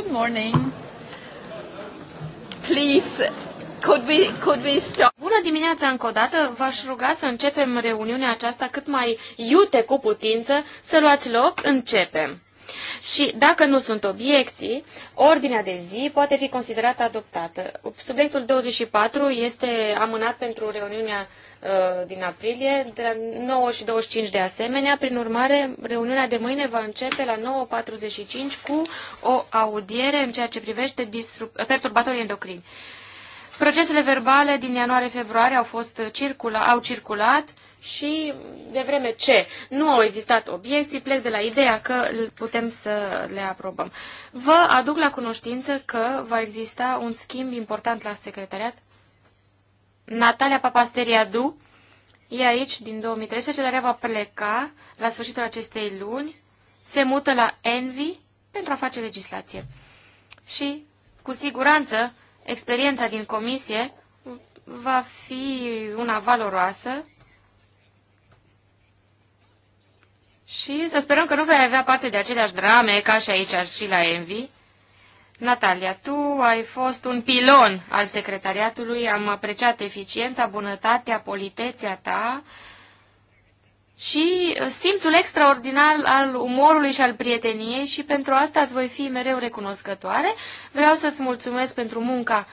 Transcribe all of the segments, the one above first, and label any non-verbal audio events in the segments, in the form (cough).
Good morning. Please, could we, could we stop? Bună dimineața încă o dată. V-aș ruga să începem reuniunea aceasta cât mai iute cu putință. Să luați loc, începem. Și dacă nu sunt obiecții, ordinea de zi poate fi considerată adoptată. Subiectul 24 este amânat pentru reuniunea Uh, din aprilie, de la 9 și 25 de asemenea. Prin urmare, reuniunea de mâine va începe la 9.45 cu o audiere în ceea ce privește perturbatorii endocrini. Procesele verbale din ianuarie-februarie au, fost circula, au circulat și de vreme ce nu au existat obiecții, plec de la ideea că putem să le aprobăm. Vă aduc la cunoștință că va exista un schimb important la secretariat Natalia Papasteriadu e aici din 2013, dar ea va pleca la sfârșitul acestei luni, se mută la Envy pentru a face legislație. Și, cu siguranță, experiența din comisie va fi una valoroasă și să sperăm că nu vei avea parte de aceleași drame ca și aici și la Envy. Natalia, tu ai fost un pilon al secretariatului, am apreciat eficiența, bunătatea, politețea ta și simțul extraordinar al umorului și al prieteniei și pentru asta îți voi fi mereu recunoscătoare. Vreau să-ți mulțumesc pentru munca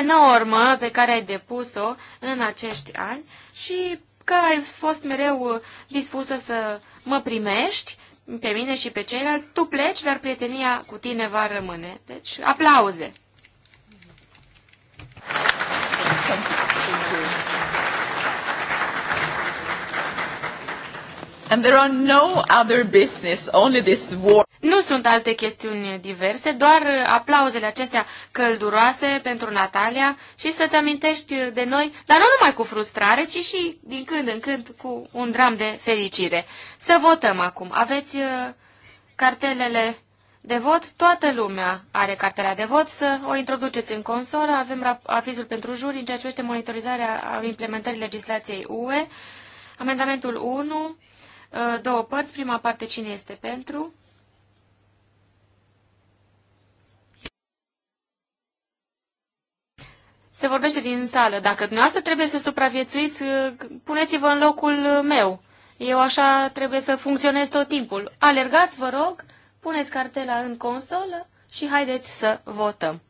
enormă pe care ai depus-o în acești ani și că ai fost mereu dispusă să mă primești pe mine și pe ceilalți, tu pleci, dar prietenia cu tine va rămâne. Deci, aplauze! Thank you. And there are no other business, only this war. Nu sunt alte chestiuni diverse, doar aplauzele acestea călduroase pentru Natalia și să-ți amintești de noi, dar nu numai cu frustrare, ci și din când în când cu un dram de fericire. Să votăm acum. Aveți uh, cartelele de vot, toată lumea are cartela de vot, să o introduceți în consolă, avem avizul pentru juri în ceea ce privește monitorizarea implementării legislației UE, amendamentul 1, Uh, două părți. Prima parte, cine este pentru? Se vorbește din sală. Dacă dumneavoastră trebuie să supraviețuiți, uh, puneți-vă în locul meu. Eu așa trebuie să funcționez tot timpul. Alergați, vă rog, puneți cartela în consolă și haideți să votăm.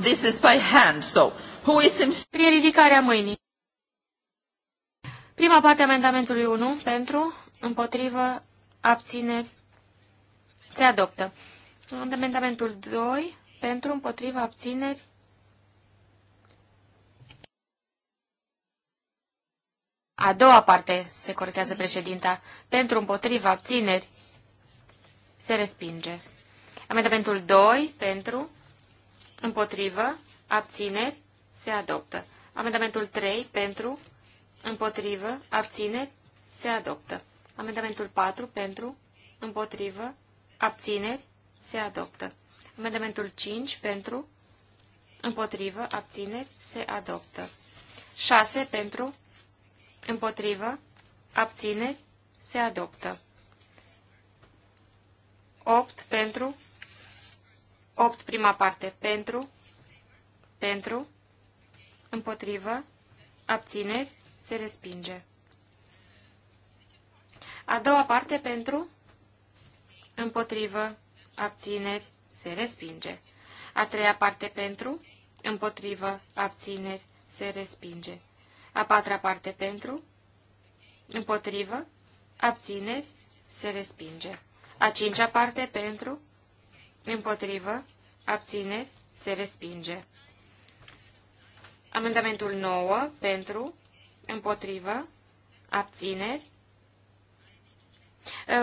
This is by hand, so Who is in... Prin ridicarea mâinii. Prima parte a amendamentului 1, pentru, împotrivă, abțineri, se adoptă. Amendamentul 2, pentru, împotrivă, abțineri, A doua parte, se corectează președinta, pentru împotriva abțineri, se respinge. Amendamentul 2, pentru, împotrivă, abțineri, se adoptă. Amendamentul 3 pentru, împotrivă, abține, se adoptă. Amendamentul 4 pentru, împotrivă, abțineri, se adoptă. Amendamentul 5 pentru, împotrivă, abțineri, se adoptă. 6 pentru, împotrivă, abțineri, se adoptă. 8 pentru, 8 prima parte, pentru, pentru, împotrivă, abțineri, se respinge. A doua parte pentru, împotrivă, abțineri, se respinge. A treia parte pentru, împotrivă, abțineri, se respinge. A patra parte pentru, împotrivă, abțineri, se respinge. A cincea parte pentru, împotrivă, abțineri, se respinge. Amendamentul 9 pentru, împotrivă, abțineri.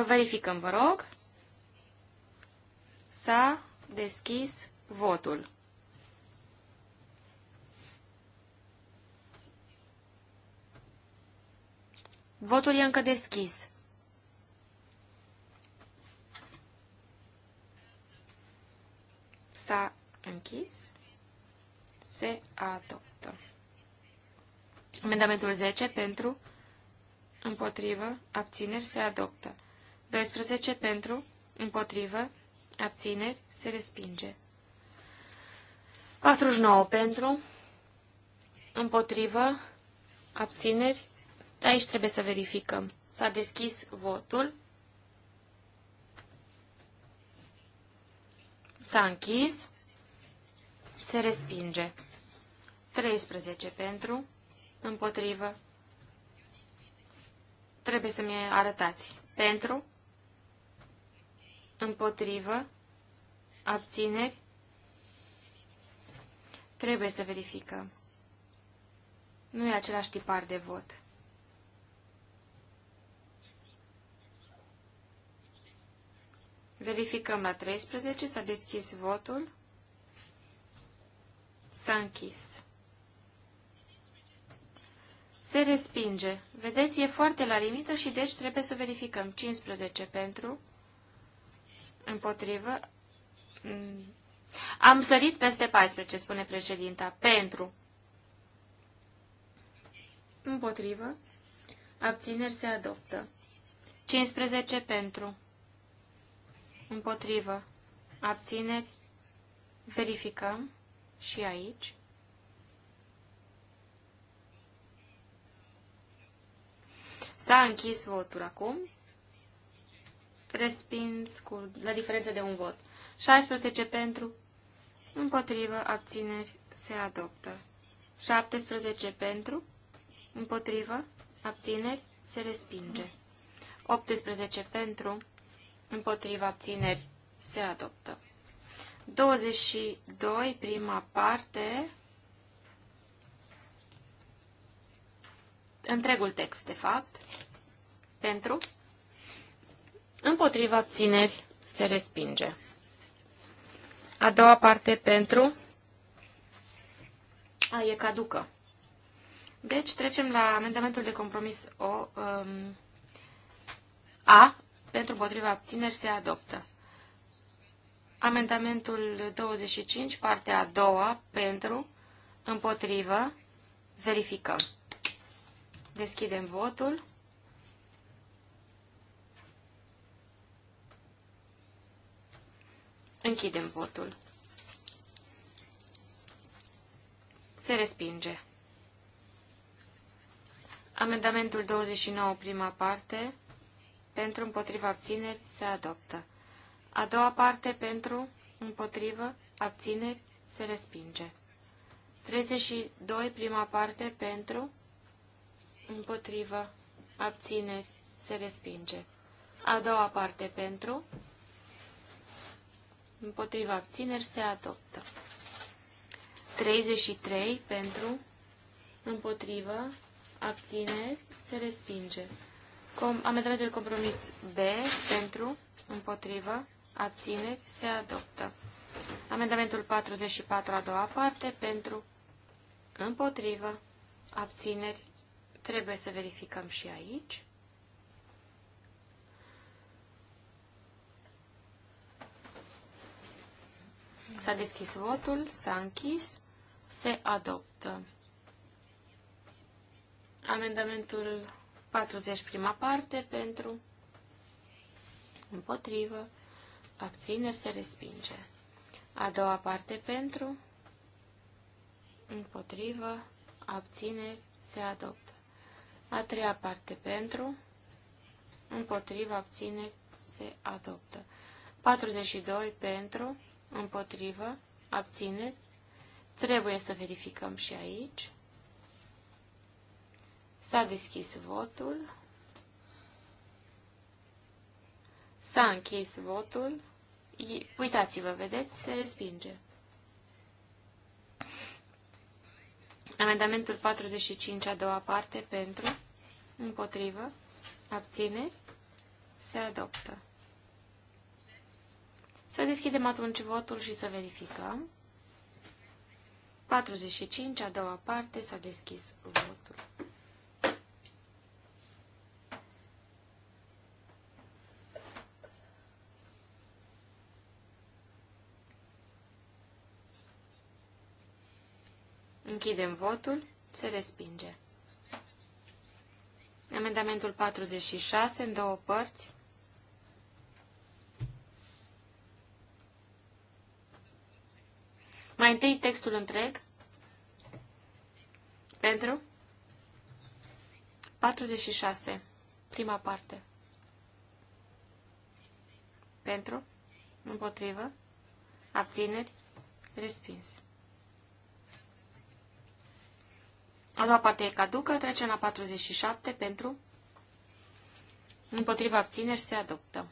Verificăm, vă rog. S-a deschis votul. Votul e încă deschis. S-a închis se adoptă. Amendamentul 10 pentru, împotrivă, abțineri se adoptă. 12 pentru, împotrivă, abțineri se respinge. 49 pentru, împotrivă, abțineri. Aici trebuie să verificăm. S-a deschis votul. S-a închis se respinge. 13 pentru, împotrivă, trebuie să-mi arătați. Pentru, împotrivă, abțineri, trebuie să verificăm. Nu e același tipar de vot. Verificăm la 13, s-a deschis votul. S-a închis. Se respinge. Vedeți, e foarte la limită și deci trebuie să verificăm. 15 pentru, împotrivă. Mm, am sărit peste 14, spune președinta. Pentru. Împotrivă. Abțineri se adoptă. 15 pentru. Împotrivă. Abțineri. Verificăm și aici. S-a închis votul acum. Respins cu, la diferență de un vot. 16 pentru, împotrivă, abțineri, se adoptă. 17 pentru, împotrivă, abțineri, se respinge. 18 pentru, împotrivă, abțineri, se adoptă. 22, prima parte, întregul text, de fapt, pentru, împotriva țineri se respinge. A doua parte, pentru, a, e caducă. Deci trecem la amendamentul de compromis O. Um, a, pentru împotriva țineri se adoptă. Amendamentul 25, partea a doua, pentru, împotrivă, verificăm. Deschidem votul. Închidem votul. Se respinge. Amendamentul 29, prima parte, pentru împotriva abțineri, se adoptă. A doua parte pentru, împotrivă, abțineri, se respinge. 32, prima parte, pentru, împotrivă, abțineri, se respinge. A doua parte, pentru, împotriva abțineri, se adoptă. 33, pentru, împotrivă, abțineri, se respinge. Com amendamentul compromis B, pentru, împotrivă, abțineri, se adoptă. Amendamentul 44, a doua parte, pentru, împotrivă, abțineri, trebuie să verificăm și aici. S-a deschis votul, s-a închis, se adoptă. Amendamentul 40, prima parte, pentru, împotrivă, abțineri, se respinge. A doua parte pentru, împotrivă, abțineri, se adoptă. A treia parte pentru, împotrivă, abțineri, se adoptă. 42 pentru, împotrivă, abțineri, trebuie să verificăm și aici. S-a deschis votul. S-a închis votul. Uitați-vă, vedeți, se respinge. Amendamentul 45, a doua parte, pentru, împotrivă, abțineri, se adoptă. Să deschidem atunci votul și să verificăm. 45, a doua parte, s-a deschis votul. Închidem votul. Se respinge. Amendamentul 46 în două părți. Mai întâi textul întreg. Pentru 46. Prima parte. Pentru. Împotrivă. Abțineri. Respins. A doua parte e caducă, trecem la 47 pentru împotriva abțineri se adoptă.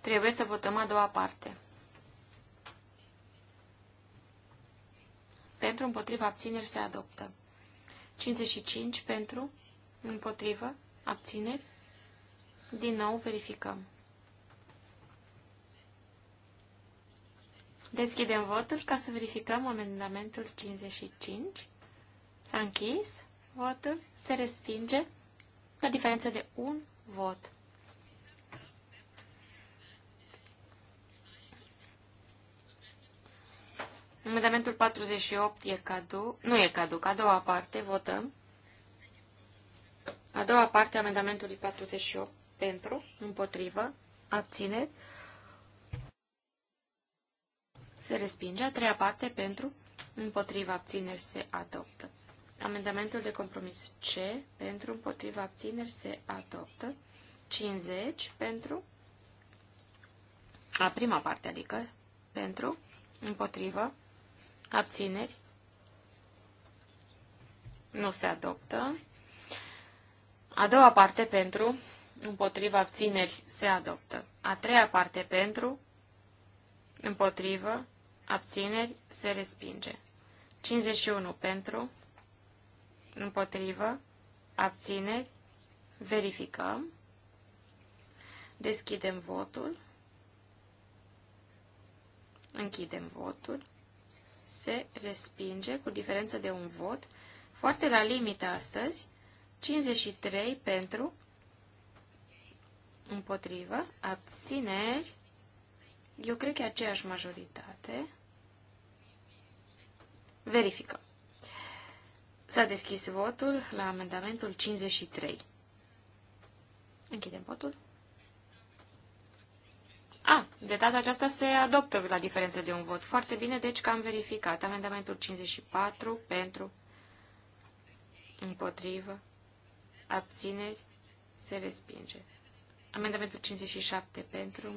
Trebuie să votăm a doua parte. Pentru împotriva abțineri se adoptă. 55 pentru împotriva abțineri. Din nou verificăm. Deschidem votul ca să verificăm amendamentul 55. S-a închis votul, se respinge la diferență de un vot. Amendamentul 48 e cadou, nu e cadou, ca a doua parte, votăm. A doua parte amendamentului 48 pentru, împotrivă, abțineri, se respinge. A treia parte pentru, împotriva abțineri se adoptă. Amendamentul de compromis C pentru, împotriva abțineri se adoptă. 50 pentru, a prima parte adică, pentru, împotriva abțineri, nu se adoptă. A doua parte pentru, împotriva abțineri se adoptă. A treia parte pentru, împotrivă, abțineri, se respinge. 51 pentru, împotrivă, abțineri, verificăm, deschidem votul, închidem votul, se respinge cu diferență de un vot, foarte la limită astăzi, 53 pentru, împotrivă, abțineri, eu cred că e aceeași majoritate. Verificăm. S-a deschis votul la amendamentul 53. Închidem votul. A, de data aceasta se adoptă la diferență de un vot. Foarte bine, deci că am verificat. Amendamentul 54 pentru, împotrivă, abțineri, se respinge. Amendamentul 57 pentru,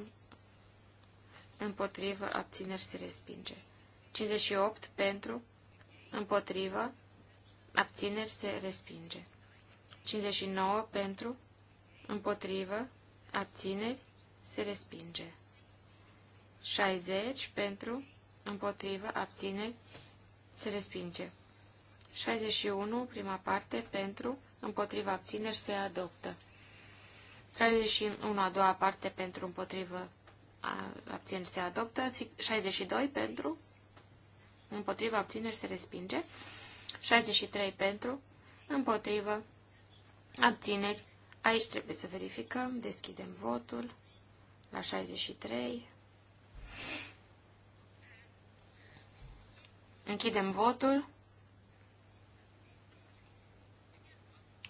împotrivă, abțineri se respinge. 58 pentru, împotrivă, abțineri se respinge. 59 pentru, împotrivă, abțineri se respinge. 60 pentru, împotrivă, abțineri se respinge. 61, prima parte, pentru, împotriva abțineri, se adoptă. 31, a doua parte, pentru, împotrivă, abțineri se adoptă, 62 pentru, împotriva abțineri se respinge, 63 pentru, împotriva abțineri. Aici trebuie să verificăm, deschidem votul la 63. Închidem votul.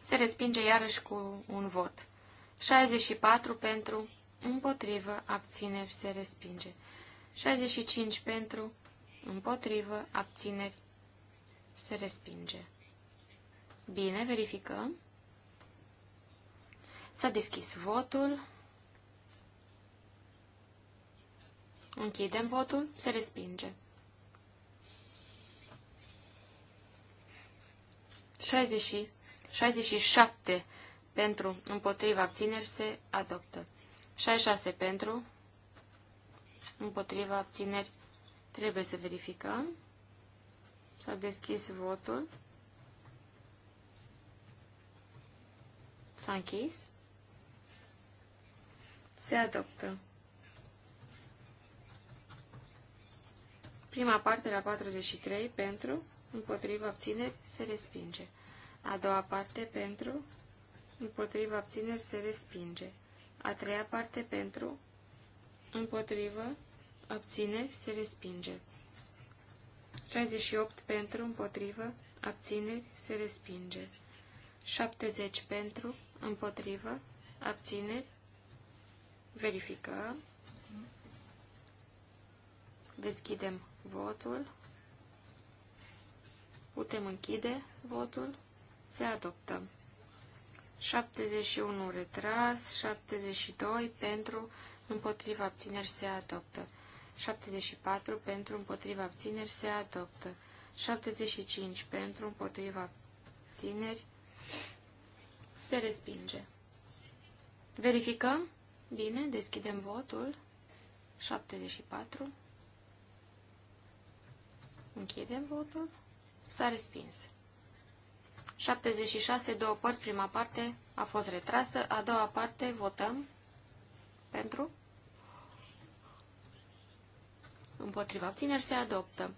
Se respinge iarăși cu un vot. 64 pentru, împotrivă, abțineri, se respinge. 65 pentru, împotrivă, abțineri, se respinge. Bine, verificăm. S-a deschis votul. Închidem votul, se respinge. 60, 67 pentru împotriva abțineri se adoptă. 66 pentru, împotriva abțineri, trebuie să verificăm. S-a deschis votul. S-a închis. Se adoptă. Prima parte la 43 pentru, împotriva abțineri, se respinge. A doua parte pentru, împotriva abțineri, se respinge. A treia parte pentru, împotrivă, abține, se respinge. 38 pentru, împotrivă, abțineri, se respinge. 70 pentru, împotrivă, abțineri, verificăm. Deschidem votul. Putem închide votul. Se adoptă. 71 retras, 72 pentru, împotriva abțineri se adoptă. 74 pentru, împotriva abțineri se adoptă. 75 pentru, împotriva abțineri se respinge. Verificăm? Bine, deschidem votul. 74. Închidem votul. S-a respins. 76, două părți, prima parte a fost retrasă, a doua parte votăm pentru, împotriva, abțineri se adoptă.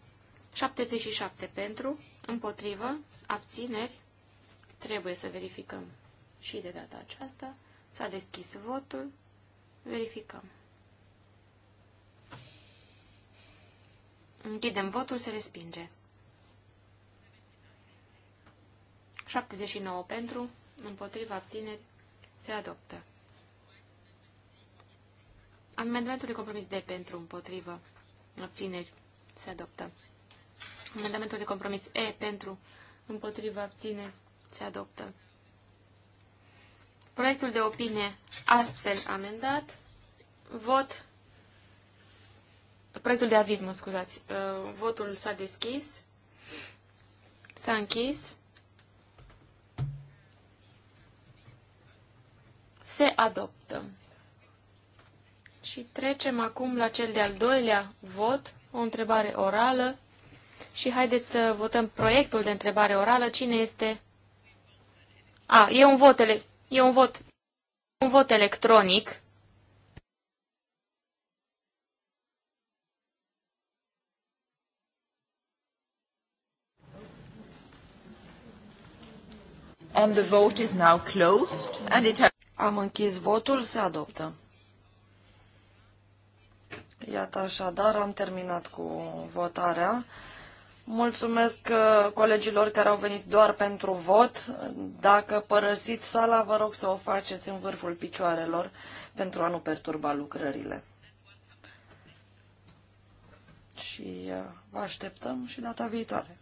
77 pentru, împotrivă, abțineri, trebuie să verificăm. Și de data aceasta s-a deschis votul, verificăm. Închidem votul, se respinge. 79 pentru, împotriva abțineri, se adoptă. Amendamentul de compromis D pentru, împotrivă, abțineri, se adoptă. Amendamentul de compromis E pentru, împotriva abțineri, se adoptă. Proiectul de opinie astfel amendat, vot, proiectul de aviz, mă scuzați, uh, votul s-a deschis, s-a închis, se adoptă. Și trecem acum la cel de-al doilea vot, o întrebare orală. Și haideți să votăm proiectul de întrebare orală. Cine este? A, e un vot, ele... e un vot, un vot electronic. And the vote is now closed and it has am închis votul, se adoptă. Iată așadar, am terminat cu votarea. Mulțumesc uh, colegilor care au venit doar pentru vot. Dacă părăsiți sala, vă rog să o faceți în vârful picioarelor pentru a nu perturba lucrările. Și uh, vă așteptăm și data viitoare.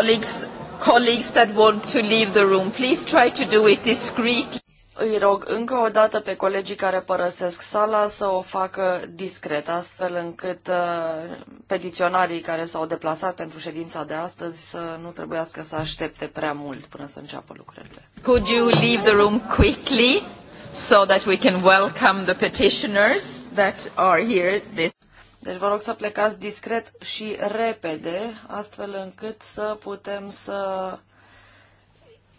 colleagues, colleagues that want to leave the room, please try to do it discreetly. Îi rog încă o dată pe colegii care părăsesc sala să o facă discret, astfel încât uh, petiționarii care s-au deplasat pentru ședința de astăzi să nu trebuiască să aștepte prea mult până să înceapă lucrările. Could you leave the room quickly so that we can welcome the petitioners that are here this deci vă rog să plecați discret și repede, astfel încât să putem să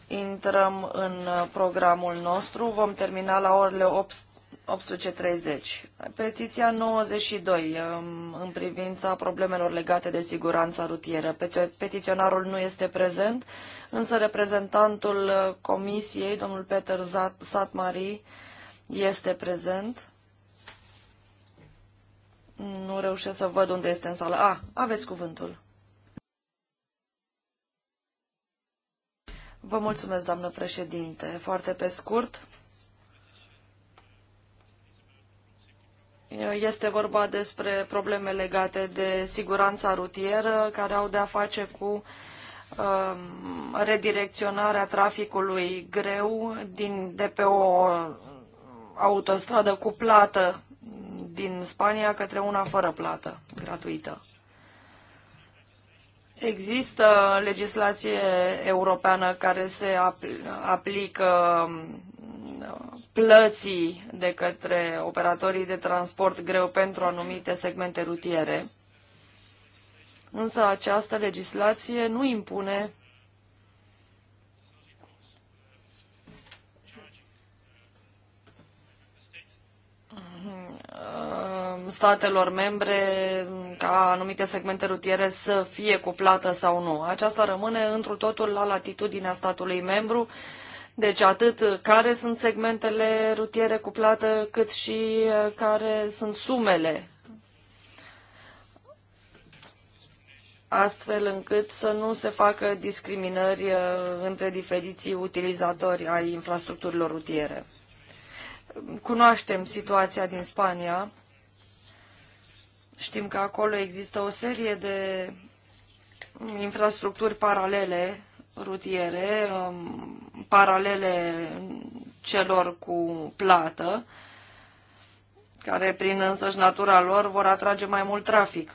intrăm în programul nostru. Vom termina la orele 18.30. Petiția 92 um, în privința problemelor legate de siguranța rutieră. Petiționarul nu este prezent, însă reprezentantul uh, comisiei, domnul Peter Satmari, este prezent. Nu reușesc să văd unde este în sală. A, ah, aveți cuvântul. Vă mulțumesc, doamnă președinte. Foarte pe scurt. Este vorba despre probleme legate de siguranța rutieră, care au de-a face cu um, redirecționarea traficului greu din, de pe o autostradă cuplată din Spania către una fără plată, gratuită. Există legislație europeană care se aplică um, plății de către operatorii de transport greu pentru anumite segmente rutiere, însă această legislație nu impune statelor membre ca anumite segmente rutiere să fie cuplate sau nu. Aceasta rămâne întru totul la latitudinea statului membru, deci atât care sunt segmentele rutiere cuplate, cât și uh, care sunt sumele astfel încât să nu se facă discriminări uh, între diferiții utilizatori ai infrastructurilor rutiere. Cunoaștem situația din Spania, Știm că acolo există o serie de infrastructuri paralele rutiere, um, paralele celor cu plată, care prin însăși natura lor vor atrage mai mult trafic.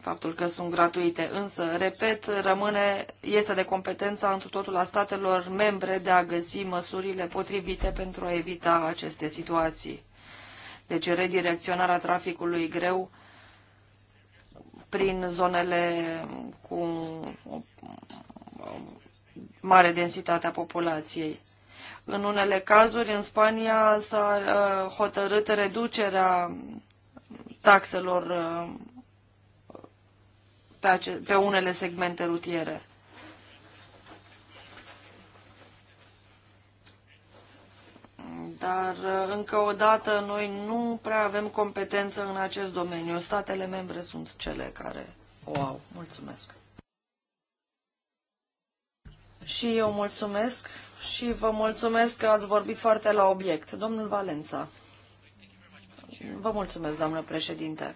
Faptul că sunt gratuite, însă, repet, rămâne, este de competența întru totul a statelor membre de a găsi măsurile potrivite pentru a evita aceste situații. Deci redirecționarea traficului greu prin zonele cu o mare densitate a populației. În unele cazuri, în Spania s-a uh, hotărât reducerea taxelor uh, pe, pe unele segmente rutiere. Dar, uh, încă o dată, noi nu prea avem competență în acest domeniu. Statele membre sunt cele care o au. Mulțumesc! Și eu mulțumesc și vă mulțumesc că ați vorbit foarte la obiect. Domnul Valența. Vă mulțumesc, doamnă președinte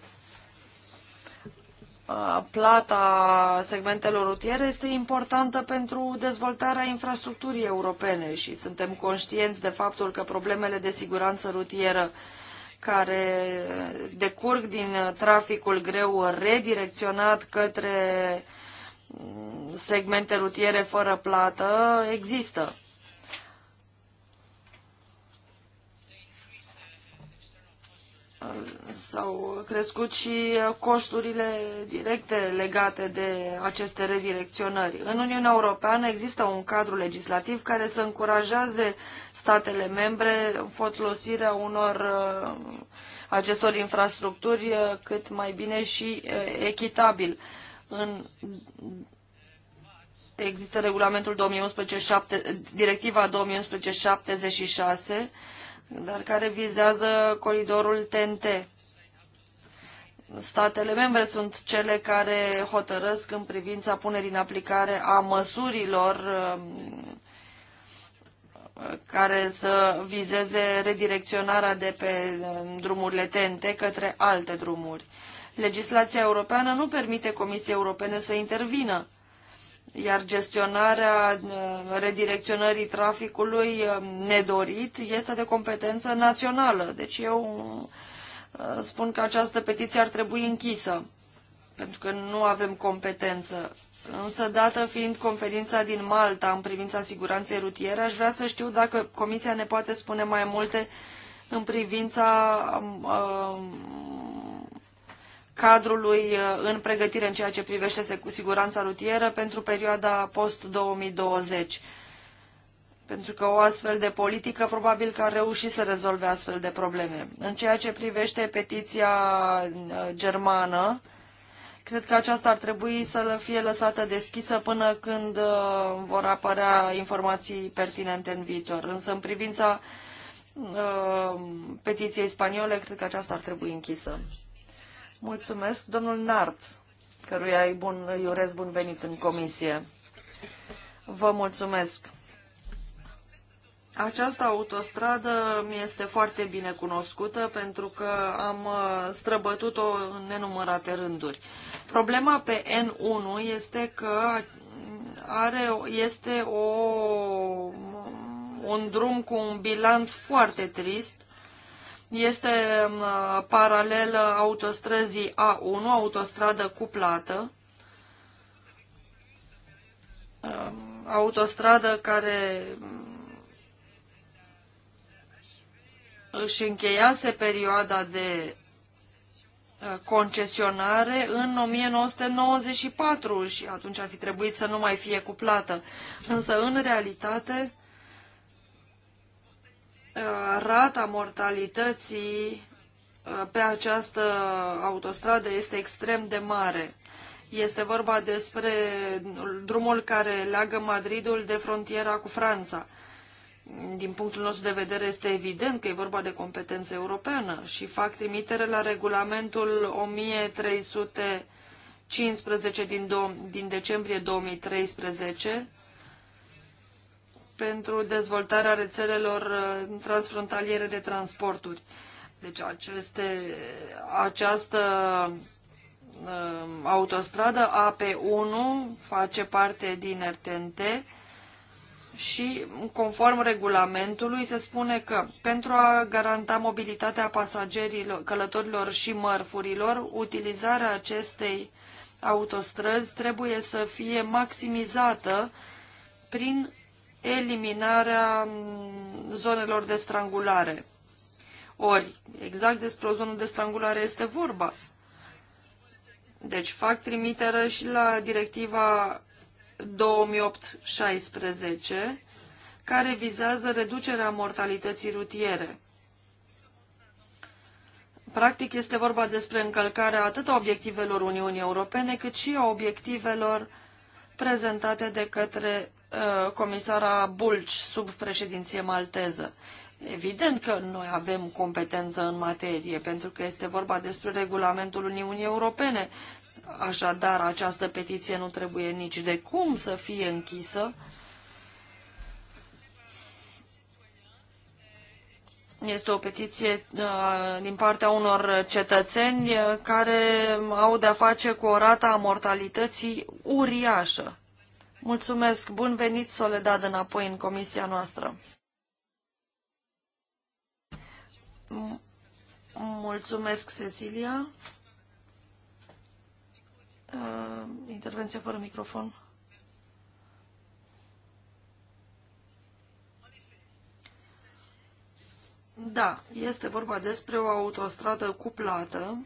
plata segmentelor rutiere este importantă pentru dezvoltarea infrastructurii europene și suntem conștienți de faptul că problemele de siguranță rutieră care decurg din traficul greu redirecționat către mm, segmente rutiere fără plată există. s-au crescut și costurile directe legate de aceste redirecționări. În Uniunea Europeană există un cadru legislativ care să încurajeze statele membre în folosirea unor uh, acestor infrastructuri uh, cât mai bine și uh, echitabil. În Există regulamentul 2011, directiva 2011-76, dar care vizează coridorul TNT. Statele membre sunt cele care hotărăsc în privința punerii în aplicare a măsurilor um, care să vizeze redirecționarea de pe um, drumurile TNT către alte drumuri. Legislația europeană nu permite Comisiei Europene să intervină iar gestionarea uh, redirecționării traficului um, nedorit este de competență națională. Deci eu uh, spun că această petiție ar trebui închisă, pentru că nu avem competență. Însă, dată fiind conferința din Malta în privința siguranței rutiere, aș vrea să știu dacă Comisia ne poate spune mai multe în privința um, uh, cadrului uh, în pregătire în ceea ce privește siguranța rutieră pentru perioada post-2020. Pentru că o astfel de politică probabil că ar reuși să rezolve astfel de probleme. În ceea ce privește petiția uh, germană, cred că aceasta ar trebui să fie lăsată deschisă până când uh, vor apărea informații pertinente în viitor. Însă în privința petiției spaniole, cred că aceasta ar trebui închisă. Mulțumesc, domnul Nart, căruia îi, bun, îi urez bun venit în comisie. Vă mulțumesc. Această autostradă mi este foarte bine cunoscută pentru că am uh, străbătut-o în nenumărate rânduri. Problema pe N1 este că are, este o, un drum cu un bilanț foarte trist este uh, paralelă autostrăzii A1, autostradă cuplată, um, autostradă care um, își încheiase perioada de uh, concesionare în 1994 și atunci ar fi trebuit să nu mai fie cuplată. Însă, în realitate, rata mortalității uh, pe această autostradă este extrem de mare. Este vorba despre drumul care leagă Madridul de frontiera cu Franța. Din punctul nostru de vedere este evident că e vorba de competență europeană și fac trimitere la regulamentul 1315 din, do- din decembrie 2013 pentru dezvoltarea rețelelor uh, transfrontaliere de transporturi. Deci aceste, această uh, autostradă AP1 face parte din RTNT și conform regulamentului se spune că pentru a garanta mobilitatea pasagerilor, călătorilor și mărfurilor, utilizarea acestei autostrăzi trebuie să fie maximizată prin eliminarea mm, zonelor de strangulare. Ori, exact despre o zonă de strangulare este vorba. Deci fac trimitere și la directiva 2008-16, care vizează reducerea mortalității rutiere. Practic este vorba despre încălcarea atât a obiectivelor Uniunii Europene, cât și a obiectivelor prezentate de către Uh, comisara Bulci sub președinție malteză. Evident că noi avem competență în materie, pentru că este vorba despre regulamentul Uniunii Europene. Așadar, această petiție nu trebuie nici de cum să fie închisă. Este o petiție uh, din partea unor cetățeni uh, care au de-a face cu o rată a mortalității uriașă. Mulțumesc, bun venit, Soledad, înapoi în comisia noastră. Mulțumesc, Cecilia. Uh, intervenție fără microfon. Da, este vorba despre o autostradă cuplată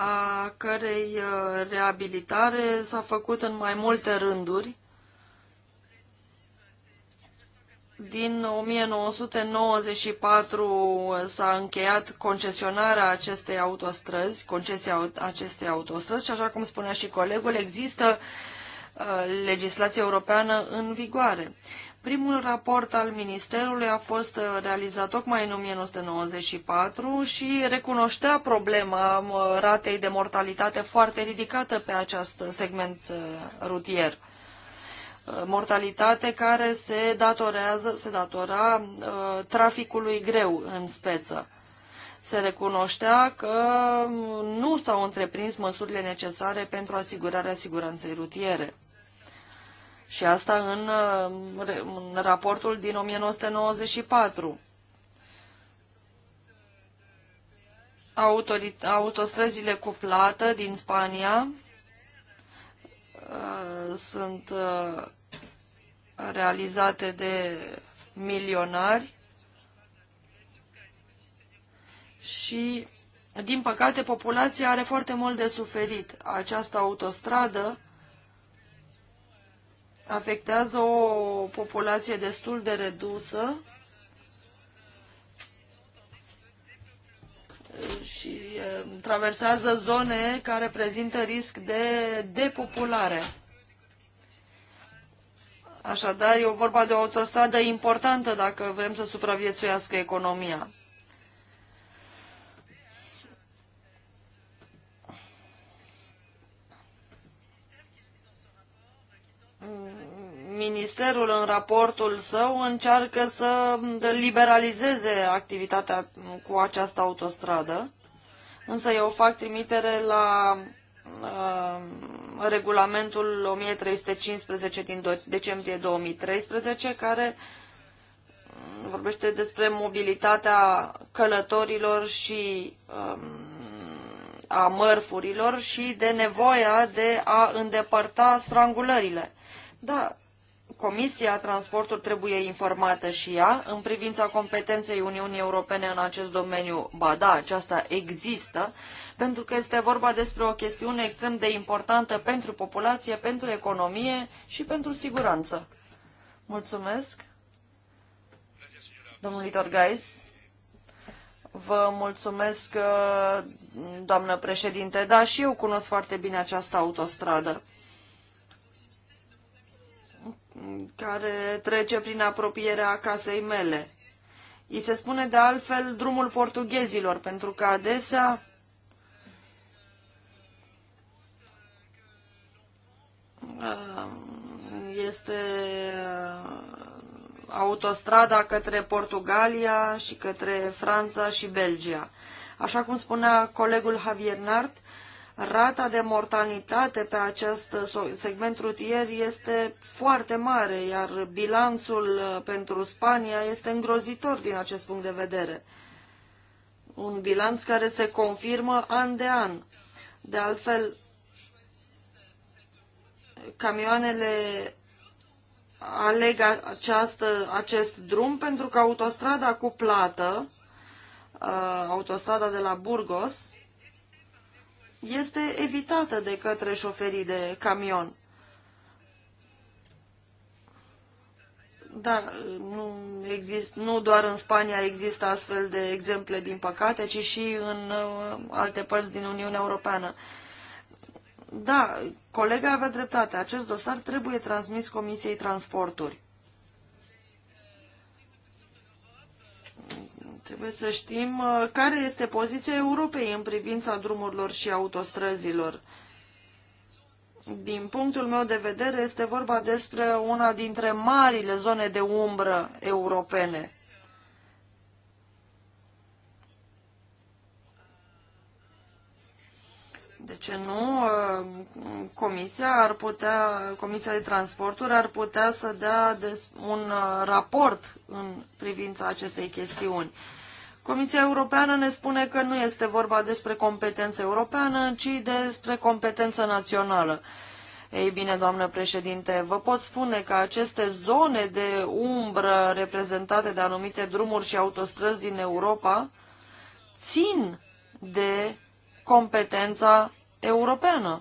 a cărei uh, reabilitare s-a făcut în mai multe rânduri din 1994 s-a încheiat concesionarea acestei autostrăzi, concesia acestei autostrăzi și așa cum spunea și colegul, există uh, legislație europeană în vigoare. Primul raport al Ministerului a fost uh, realizat tocmai în 1994 și recunoștea problema uh, ratei de mortalitate foarte ridicată pe acest segment uh, rutier. Mortalitate care se datorează, se datora traficului greu în speță se recunoștea că nu s-au întreprins măsurile necesare pentru asigurarea siguranței rutiere. Și asta în, uh, în raportul din 1994. Autorit autostrăzile cu plată din Spania uh, sunt uh, realizate de milionari și, din păcate, populația are foarte mult de suferit. Această autostradă afectează o populație destul de redusă și uh, traversează zone care prezintă risc de depopulare. Așadar, e vorba de o autostradă importantă dacă vrem să supraviețuiască economia. Ministerul în raportul său încearcă să liberalizeze activitatea cu această autostradă, însă eu fac trimitere la uh, regulamentul 1315 din decembrie 2013, care vorbește despre mobilitatea călătorilor și um, a mărfurilor și de nevoia de a îndepărta strangulările. Da, Comisia Transportul trebuie informată și ea în privința competenței Uniunii Europene în acest domeniu. Ba da, aceasta există, pentru că este vorba despre o chestiune extrem de importantă pentru populație, pentru economie și pentru siguranță. Mulțumesc, domnului Torgais. Vă mulțumesc, uh, doamnă președinte, da, și eu cunosc foarte bine această autostradă care trece prin apropierea casei mele. I se spune de altfel drumul portughezilor, pentru că adesea uh, este uh, autostrada către Portugalia și către Franța și Belgia. Așa cum spunea colegul Javier Nart, Rata de mortalitate pe acest segment rutier este foarte mare, iar bilanțul uh, pentru Spania este îngrozitor din acest punct de vedere. Un bilanț care se confirmă an de an. De altfel, camioanele aleg această, acest drum pentru că autostrada cu plată, uh, autostrada de la Burgos, este evitată de către șoferii de camion. Da, nu, exist, nu doar în Spania există astfel de exemple, din păcate, ci și în uh, alte părți din Uniunea Europeană. Da, colega avea dreptate. Acest dosar trebuie transmis Comisiei Transporturi. Trebuie să știm uh, care este poziția Europei în privința drumurilor și autostrăzilor. Din punctul meu de vedere, este vorba despre una dintre marile zone de umbră europene. De ce nu? Uh, comisia ar putea, Comisia de Transporturi ar putea să dea un uh, raport în privința acestei chestiuni. Comisia Europeană ne spune că nu este vorba despre competență europeană, ci despre competență națională. Ei bine, doamnă președinte, vă pot spune că aceste zone de umbră reprezentate de anumite drumuri și autostrăzi din Europa țin de competența europeană.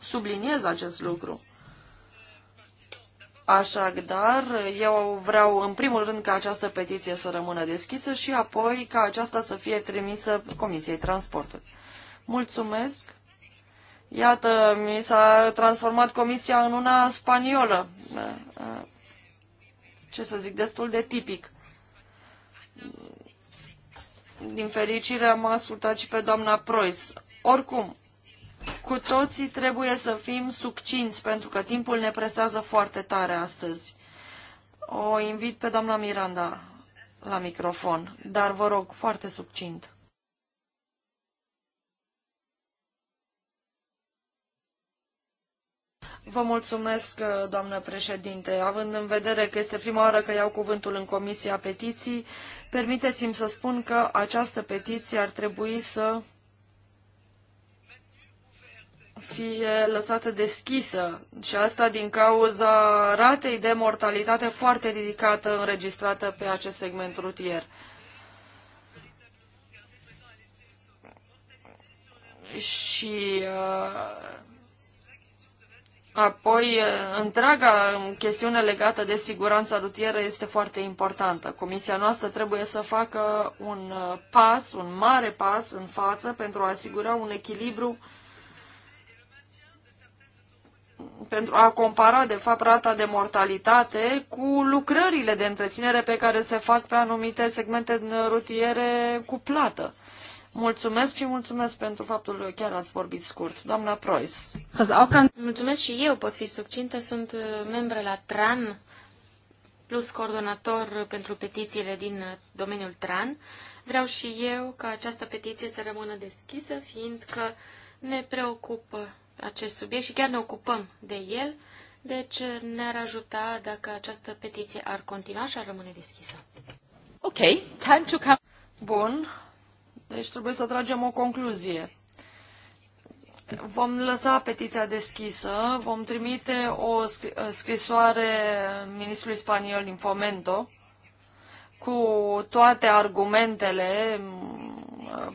Subliniez acest lucru. Așadar, eu vreau în primul rând ca această petiție să rămână deschisă și apoi ca aceasta să fie trimisă Comisiei Transportului. Mulțumesc! Iată, mi s-a transformat comisia în una spaniolă. Ce să zic, destul de tipic. Din fericire am ascultat și pe doamna Preuss. Oricum, cu toții trebuie să fim succinți, pentru că timpul ne presează foarte tare astăzi. O invit pe doamna Miranda la microfon, dar vă rog, foarte succint. Vă mulțumesc, doamnă președinte. Având în vedere că este prima oară că iau cuvântul în Comisia Petiții, permiteți-mi să spun că această petiție ar trebui să fie lăsată deschisă și asta din cauza ratei de mortalitate foarte ridicată înregistrată pe acest segment rutier. Și uh, apoi întreaga chestiune legată de siguranța rutieră este foarte importantă. Comisia noastră trebuie să facă un uh, pas, un mare pas în față pentru a asigura un echilibru uh, pentru a compara, de fapt, rata de mortalitate cu lucrările de întreținere pe care se fac pe anumite segmente rutiere cu plată. Mulțumesc și mulțumesc pentru faptul că chiar ați vorbit scurt. Doamna Preuss. Mulțumesc și eu pot fi succintă. Sunt uh, membră la TRAN, plus coordonator pentru petițiile din uh, domeniul TRAN. Vreau și eu ca această petiție să rămână deschisă, fiindcă ne preocupă acest subiect și chiar ne ocupăm de el, deci ne-ar ajuta dacă această petiție ar continua și ar rămâne deschisă. Ok, time to come. Bun, deci trebuie să tragem o concluzie. Vom lăsa petiția deschisă, vom trimite o scrisoare ministrului spaniol din Fomento cu toate argumentele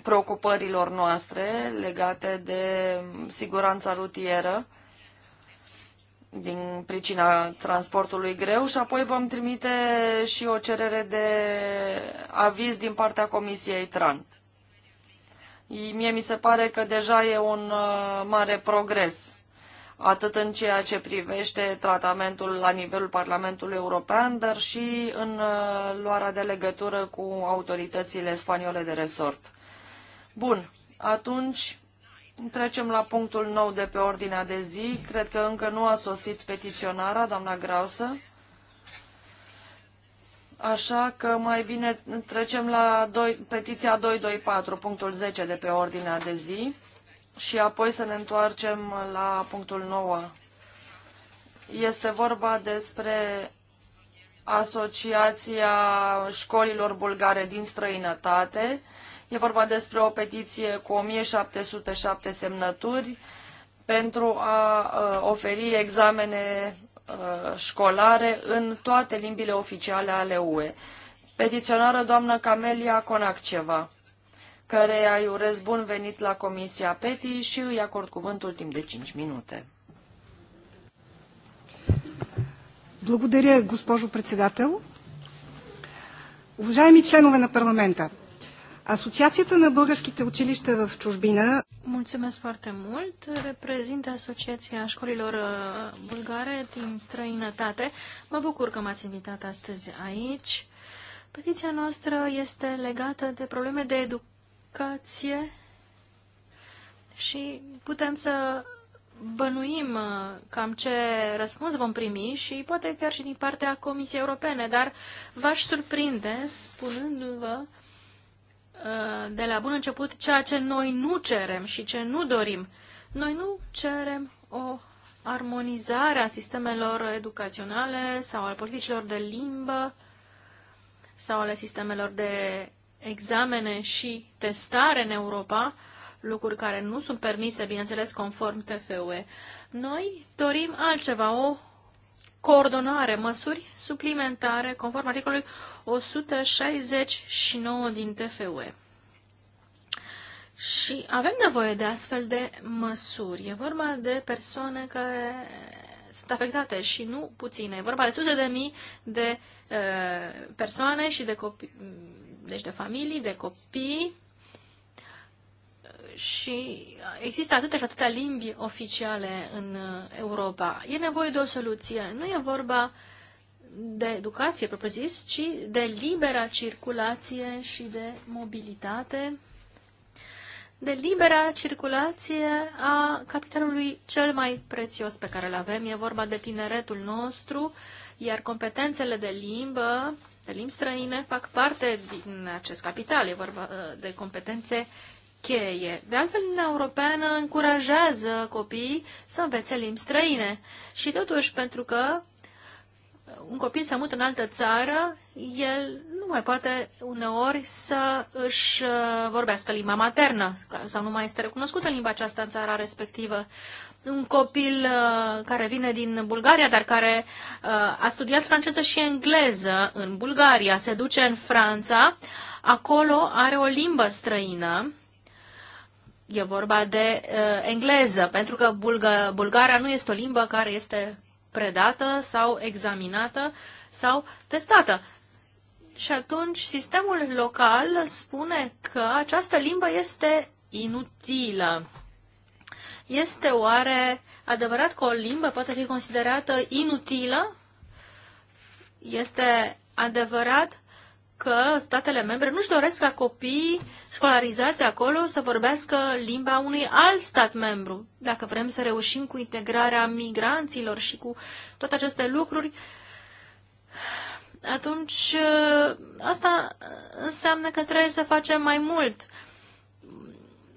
preocupărilor noastre legate de siguranța rutieră din pricina transportului greu și apoi vom trimite și o cerere de aviz din partea Comisiei TRAN. Mie mi se pare că deja e un uh, mare progres, atât în ceea ce privește tratamentul la nivelul Parlamentului European, dar și în uh, luarea de legătură cu autoritățile spaniole de resort. Bun, atunci trecem la punctul nou de pe ordinea de zi. Cred că încă nu a sosit petiționara, doamna Grausă. Așa că mai bine trecem la doi, petiția 224, punctul 10 de pe ordinea de zi și apoi să ne întoarcem la punctul 9. Este vorba despre Asociația Școlilor Bulgare din Străinătate, E vorba despre o petiție cu 1707 semnături pentru a oferi examene școlare în toate limbile oficiale ale UE. Petiționară doamnă Camelia Conaceva, care îi urez bun venit la Comisia PETI și îi acord cuvântul timp de 5 minute. Благодаря, госпожо председател. Уважаеми членове на парламента, Asociațията на българските училища в чужбина. Mulțumesc foarte mult. Reprezintă Asociația Școlilor uh, Bulgare din străinătate. Mă bucur că m-ați invitat astăzi aici. Petiția noastră este legată de probleme de educație și putem să bănuim uh, cam ce răspuns vom primi și poate chiar și din partea Comisiei Europene, dar v-aș surprinde spunându-vă Uh, de la bun început ceea ce noi nu cerem și ce nu dorim. Noi nu cerem o armonizare a sistemelor educaționale sau al politicilor de limbă sau ale sistemelor de examene și testare în Europa, lucruri care nu sunt permise, bineînțeles, conform TFUE. Noi dorim altceva, o coordonare, măsuri suplimentare, conform articolului 169 din TFUE. Și avem nevoie de astfel de măsuri. E vorba de persoane care sunt afectate și nu puține. E vorba de sute de mii de uh, persoane și de copii, deci de familii, de copii și există atâtea și atâtea limbi oficiale în uh, Europa. E nevoie de o soluție. Nu e vorba de educație, propriu-zis, ci de libera circulație și de mobilitate, de libera circulație a capitalului cel mai prețios pe care îl avem. E vorba de tineretul nostru, iar competențele de limbă, de limbi străine, fac parte din acest capital. E vorba uh, de competențe cheie. De altfel, Uniunea Europeană încurajează copiii să învețe limbi străine. Și totuși, pentru că un copil se mută în altă țară, el nu mai poate uneori să își uh, vorbească limba maternă sau nu mai este recunoscută în limba aceasta în țara respectivă. Un copil uh, care vine din Bulgaria, dar care uh, a studiat franceză și engleză în Bulgaria, se duce în Franța, acolo are o limbă străină e vorba de uh, engleză, pentru că bulgă, bulgara nu este o limbă care este predată sau examinată sau testată. Și atunci sistemul local spune că această limbă este inutilă. Este oare adevărat că o limbă poate fi considerată inutilă? Este adevărat că statele membre nu-și doresc ca copiii școlarizați acolo să vorbească limba unui alt stat membru. Dacă vrem să reușim cu integrarea migranților și cu toate aceste lucruri, atunci ă, asta înseamnă că trebuie să facem mai mult.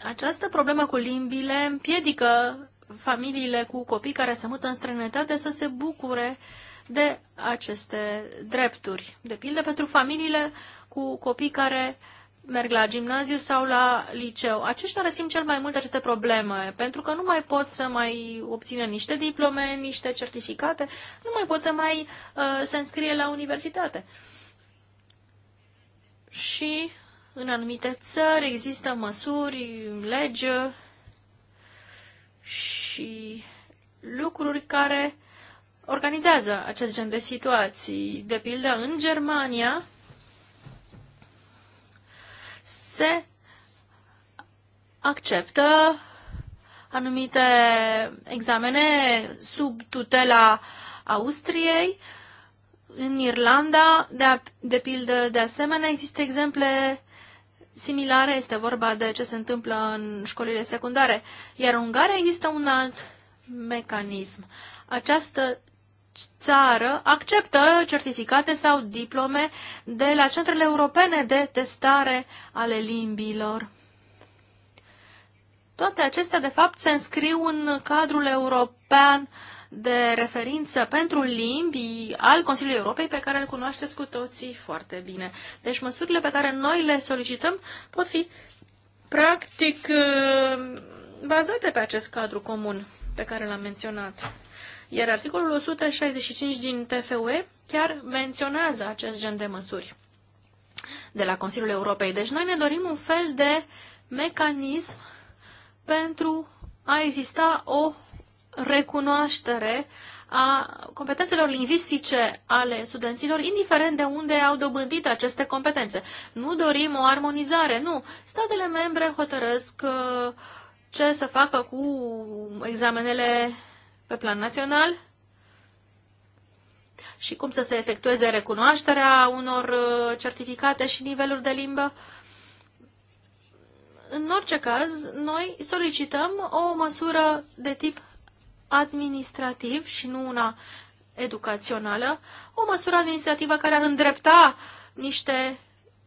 Această problemă cu limbile împiedică familiile cu copii care se mută în străinătate să se bucure uh, de aceste drepturi. De pildă pentru familiile cu copii care merg la gimnaziu sau la liceu. Aceștia răsim cel mai mult aceste probleme, pentru că nu mai pot să mai obțină niște diplome, niște certificate, nu mai pot să mai uh, se înscrie la universitate. Și în anumite țări există măsuri, lege și lucruri care organizează acest gen de situații. De pildă, în Germania se acceptă anumite examene sub tutela Austriei. În Irlanda, de, a, de pildă, de asemenea, există exemple similare, este vorba de ce se întâmplă în școlile secundare. Iar în Ungaria există un alt mecanism. Această țară acceptă certificate sau diplome de la centrele europene de testare ale limbilor. Toate acestea, de fapt, se înscriu în cadrul european de referință pentru limbi al Consiliului Europei pe care îl cunoașteți cu toții foarte bine. Deci măsurile pe care noi le solicităm pot fi practic bazate pe acest cadru comun pe care l-am menționat. Iar articolul 165 din TFUE chiar menționează acest gen de măsuri de la Consiliul Europei. Deci noi ne dorim un fel de mecanism pentru a exista o recunoaștere a competențelor lingvistice ale studenților, indiferent de unde au dobândit aceste competențe. Nu dorim o armonizare, nu. Statele membre hotărăsc uh, ce să facă cu examenele pe plan național și cum să se efectueze recunoașterea unor uh, certificate și niveluri de limbă. În orice caz, noi solicităm o măsură de tip administrativ și nu una educațională, o măsură administrativă care ar îndrepta niște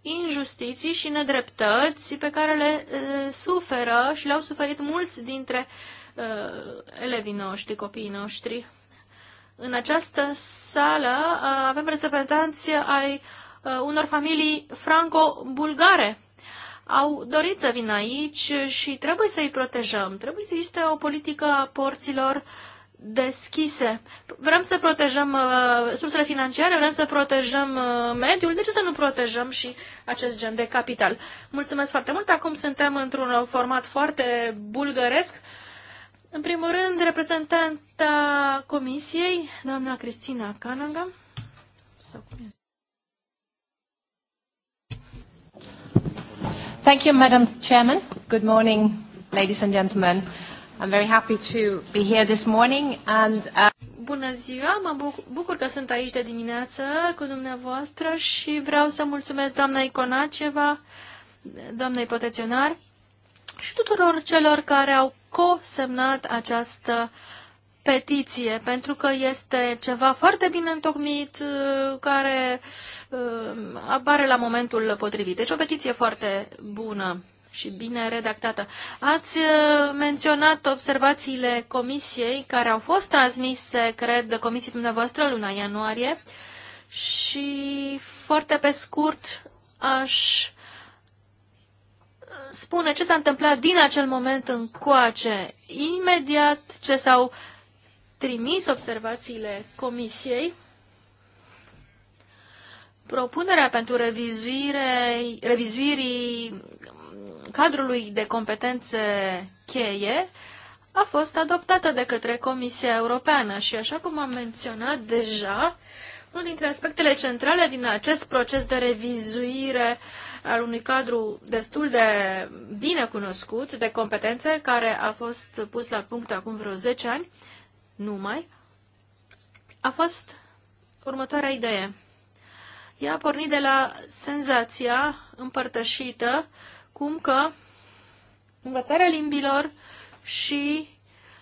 injustiții și nedreptăți pe care le e, uh, suferă și le-au suferit mulți dintre uh, uh, elevii noștri, copiii noștri. În această sală uh, avem reprezentanți ai uh, unor familii franco-bulgare. Au dorit să vină aici și trebuie să-i protejăm. Trebuie să existe o politică a porților deschise. Vrem să protejăm uh, sursele financiare, vrem să protejăm uh, mediul, de ce să nu protejăm și acest gen de capital? Mulțumesc foarte mult. Acum suntem într-un format foarte bulgăresc. Uh, în primul rând, reprezentanta Comisiei, doamna Cristina Canaga. Thank you, Madam Chairman. Good morning, ladies and gentlemen. I'm very happy to be here this morning and uh... Bună ziua, mă bucur că sunt aici de dimineață cu dumneavoastră și vreau să mulțumesc doamnei Conaceva, doamnei protecționar, și tuturor celor care au cosemnat această petiție, pentru că este ceva foarte bine întocmit uh, care uh, apare la momentul potrivit. Deci o petiție foarte bună și bine redactată. Ați uh, menționat observațiile comisiei care au fost transmise, cred, comisiei dumneavoastră luna ianuarie și foarte pe scurt aș spune ce s-a întâmplat din acel moment încoace, imediat ce s-au trimis observațiile comisiei. Propunerea pentru revizuire, revizuirii cadrului de competențe cheie a fost adoptată de către Comisia Europeană și, așa cum am menționat deja, unul dintre aspectele centrale din acest proces de revizuire uh, al unui cadru destul de bine cunoscut de competențe, care a fost pus la punct acum vreo 10 ani, numai, a fost următoarea idee. Ea a pornit de la senzația împărtășită cum că învățarea limbilor și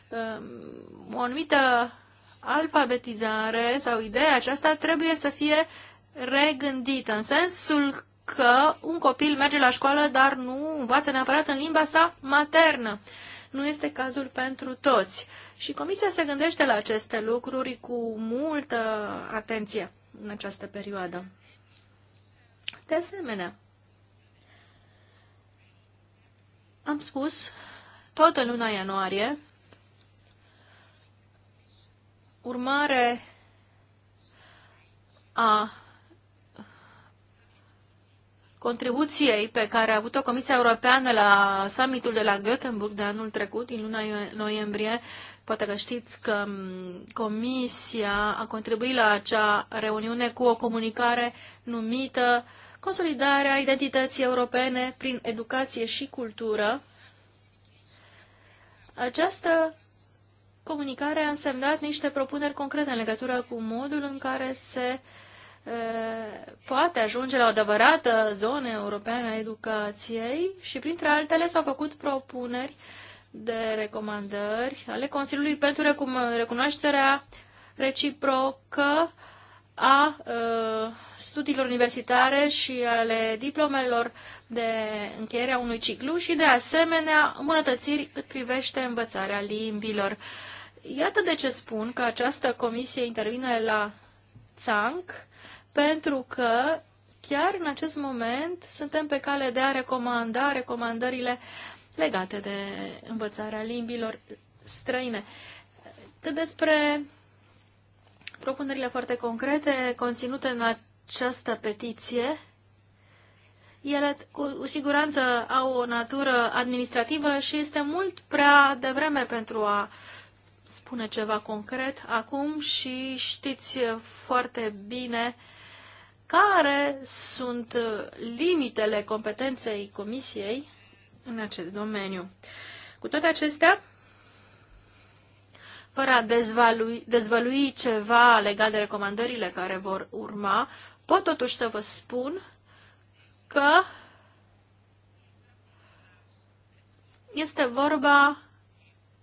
um, o anumită alfabetizare sau ideea aceasta trebuie să fie regândită, în sensul că un copil merge la școală, dar nu învață neapărat în limba sa maternă. Nu este cazul pentru toți. Și Comisia se gândește la aceste lucruri cu multă atenție în această perioadă. De asemenea, am spus tot în luna ianuarie, urmare a contribuției pe care a avut-o Comisia Europeană la summitul de la Göteborg de anul trecut, din luna noiembrie. Poate că știți că mm, Comisia a contribuit la acea reuniune cu o comunicare numită Consolidarea identității europene prin educație și cultură. Această comunicare a însemnat niște propuneri concrete în legătură cu modul în care se uh, Uh, poate ajunge la o adevărată zonă europeană a educației și, printre altele, s-au făcut propuneri de recomandări ale Consiliului pentru recunoașterea reciprocă a uh, studiilor universitare și ale diplomelor de încheierea unui ciclu și, de asemenea, îmbunătățiri cât privește învățarea limbilor. Iată de ce spun că această comisie intervine la țanc pentru că chiar în acest moment suntem pe cale de a recomanda recomandările legate de învățarea limbilor străine. Cât despre propunerile foarte concrete conținute în această petiție, ele cu siguranță au o natură administrativă și este mult prea devreme pentru a spune ceva concret acum și știți foarte bine uh, care sunt uh, limitele competenței Comisiei în acest domeniu. Cu toate acestea, fără a dezvălui, dezvălui ceva legat de recomandările care vor urma, pot totuși să vă spun că este vorba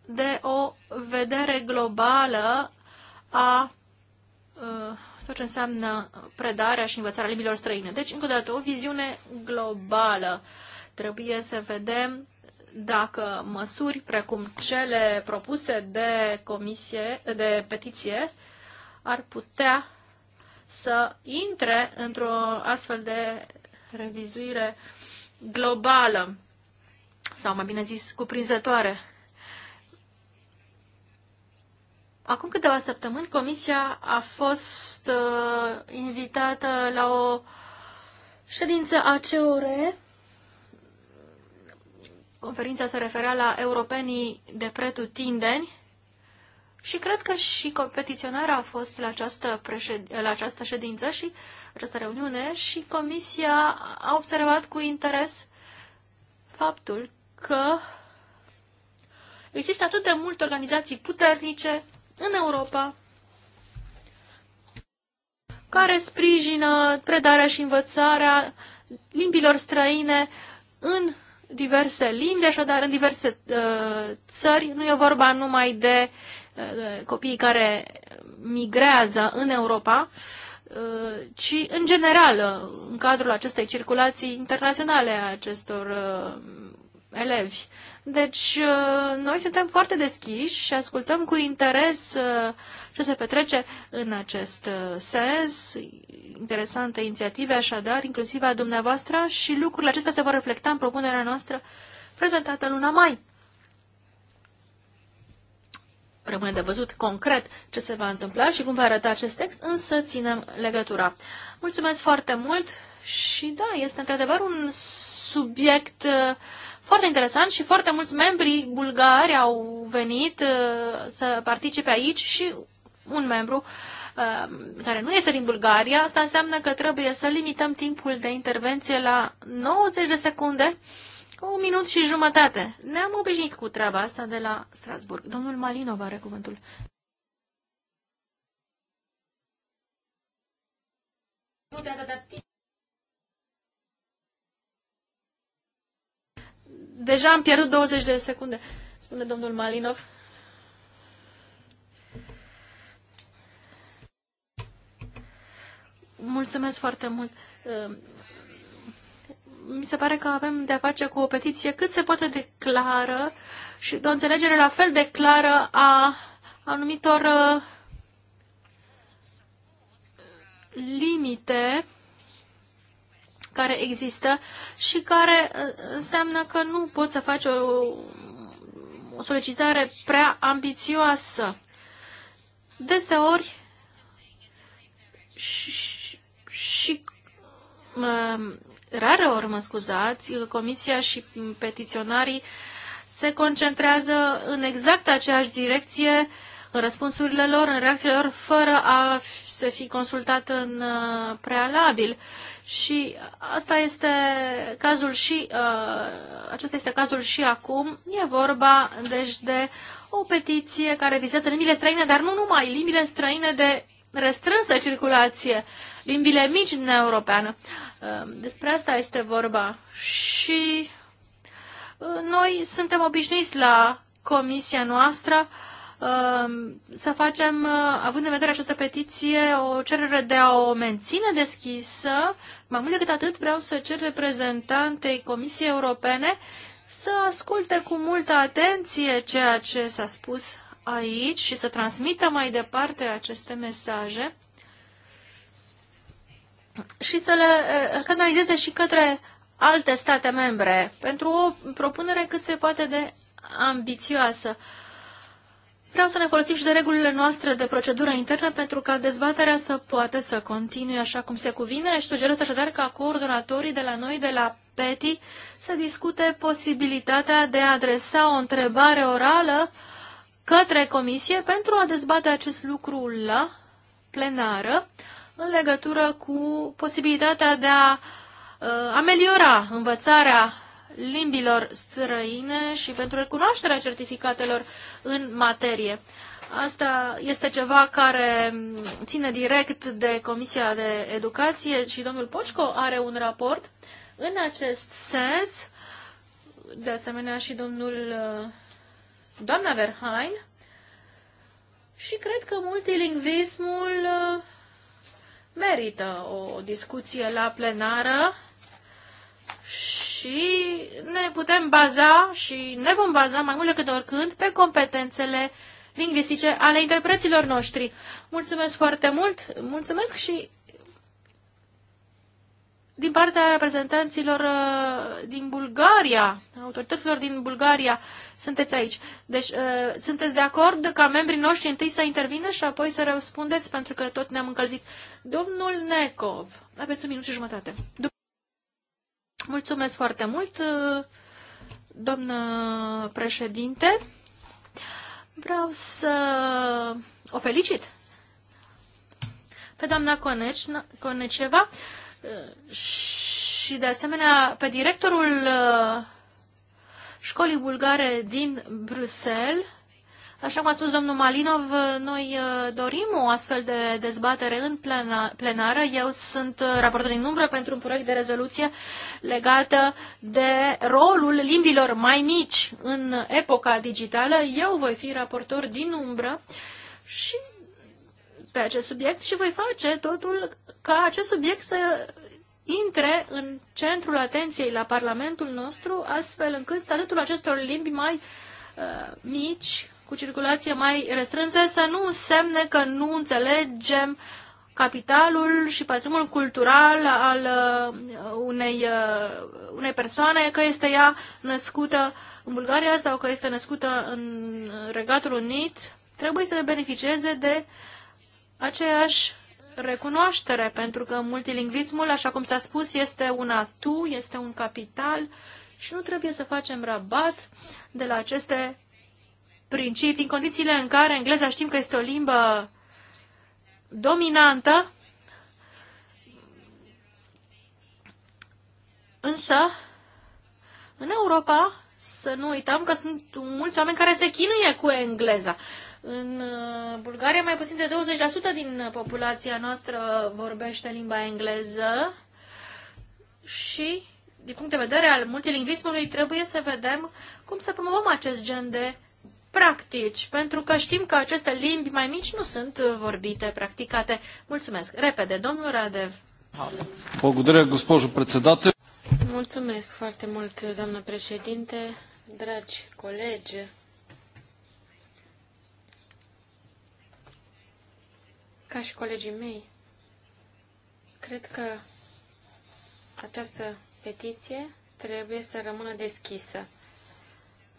de o vedere globală a uh, tot ce înseamnă predarea și învățarea limbilor străine. Deci, încă o dată, o viziune globală. Trebuie să vedem dacă măsuri precum cele propuse de comisie, de petiție, ar putea să intre într-o astfel de revizuire globală sau, mai bine zis, cuprinzătoare Acum câteva săptămâni, Comisia a fost uh, invitată la o ședință ACOR. Conferința se referea la europenii de pretutindeni și cred că și competiționarea a fost la această, președ... la această ședință și această reuniune și Comisia a observat cu interes faptul că există atât de multe organizații puternice în Europa care sprijină predarea și învățarea limbilor străine în diverse limbi, așadar în diverse uh, țări. Nu e vorba numai de uh, copiii care migrează în Europa, uh, ci în general, în cadrul acestei circulații internaționale a acestor uh, elevi. Deci, uh, noi suntem foarte deschiși și ascultăm cu interes uh, ce se petrece în acest uh, sens. Interesante inițiative, așadar, inclusiv a dumneavoastră și lucrurile acestea se vor reflecta în propunerea noastră prezentată luna mai. Rămâne de văzut concret ce se va întâmpla și cum va arăta acest text, însă ținem legătura. Mulțumesc foarte mult și da, este într-adevăr un subiect uh, foarte interesant și foarte mulți membri bulgari au venit uh, să participe aici și un membru uh, care nu este din Bulgaria. Asta înseamnă că trebuie să limităm timpul de intervenție la 90 de secunde, un minut și jumătate. Ne-am obișnuit cu treaba asta de la Strasburg. Domnul Malinov are cuvântul. Nu te-ați Deja am pierdut 20 de secunde, spune domnul Malinov. Mulțumesc foarte mult. Ehm, mi se pare că avem de-a face cu o petiție cât se poate de clară și de o înțelegere la fel de clară a anumitor ehm, limite care există și care uh, înseamnă că nu poți să faci o, o solicitare prea ambițioasă. Deseori și, și uh, rare ori, mă scuzați, Comisia și petiționarii se concentrează în exact aceeași direcție în răspunsurile lor, în reacțiile lor, fără a se fi consultat în uh, prealabil. Și asta este cazul și, uh, acesta este cazul și acum. E vorba, deci, de o petiție care vizează limbile străine, dar nu numai limbile străine de restrânsă circulație, limbile mici din europeană. Uh, despre asta este vorba. Și uh, noi suntem obișnuiți la comisia noastră uh, Um, să facem, uh, având în vedere această petiție, o cerere de a o menține deschisă. Mai mult decât atât, vreau să cer reprezentantei Comisiei Europene să asculte cu multă atenție ceea ce s-a spus aici și să transmită mai departe aceste mesaje și să le uh, canalizeze și către alte state membre pentru o propunere cât se poate de ambițioasă. Vreau să ne folosim și de regulile noastre de procedură internă pentru ca dezbaterea să poată să continue așa cum se cuvine și sugerez așadar ca coordonatorii de la noi, de la PETI, să discute posibilitatea de a adresa o întrebare orală către comisie pentru a dezbate acest lucru la plenară în legătură cu posibilitatea de a uh, ameliora învățarea limbilor străine și pentru recunoașterea certificatelor în materie. Asta este ceva care ține direct de Comisia de Educație și domnul Pocco are un raport în acest sens, de asemenea și domnul uh, doamna Verhain, și cred că multilingvismul uh, merită o discuție la plenară și și ne putem baza și ne vom baza mai mult decât oricând pe competențele lingvistice ale interpreților noștri. Mulțumesc foarte mult, mulțumesc și din partea reprezentanților uh, din Bulgaria, autorităților din Bulgaria, sunteți aici. Deci, uh, sunteți de acord ca membrii noștri întâi să intervină și apoi să răspundeți, pentru că tot ne-am încălzit. Domnul Necov, aveți un minut și jumătate. Mulțumesc foarte mult, doamnă președinte. Vreau să o felicit pe doamna Coneci, Coneceva și de asemenea pe directorul uh, școlii bulgare din Bruxelles, Așa cum a spus domnul Malinov, noi uh, dorim o astfel de dezbatere în plena, plenară. Eu sunt uh, raportor din umbră pentru un proiect de rezoluție legată de rolul limbilor mai mici în epoca digitală. Eu voi fi raportor din umbră și pe acest subiect și voi face totul ca acest subiect să intre în centrul atenției la Parlamentul nostru, astfel încât statutul acestor limbi mai uh, mici cu circulație mai restrânsă să nu însemne că nu înțelegem capitalul și patrimoniul cultural al uh, unei, uh, unei persoane, că este ea născută în Bulgaria sau că este născută în Regatul Unit, trebuie să beneficieze de aceeași recunoaștere, pentru că multilingvismul, așa cum s-a spus, este un atu, este un capital și nu trebuie să facem rabat de la aceste principii, în condițiile în care engleza știm că este o limbă dominantă, însă în Europa să nu uităm că sunt mulți oameni care se chinuie cu engleza. În uh, Bulgaria mai puțin de 20% din populația noastră vorbește limba engleză și din punct de vedere al multilingvismului trebuie să vedem cum să promovăm acest gen de practici, pentru că știm că aceste limbi mai mici nu sunt uh, vorbite, practicate. Mulțumesc. Repede, domnul Radev. Mulțumesc foarte mult, doamnă președinte, dragi colegi. Ca și colegii mei, cred că această petiție trebuie să rămână deschisă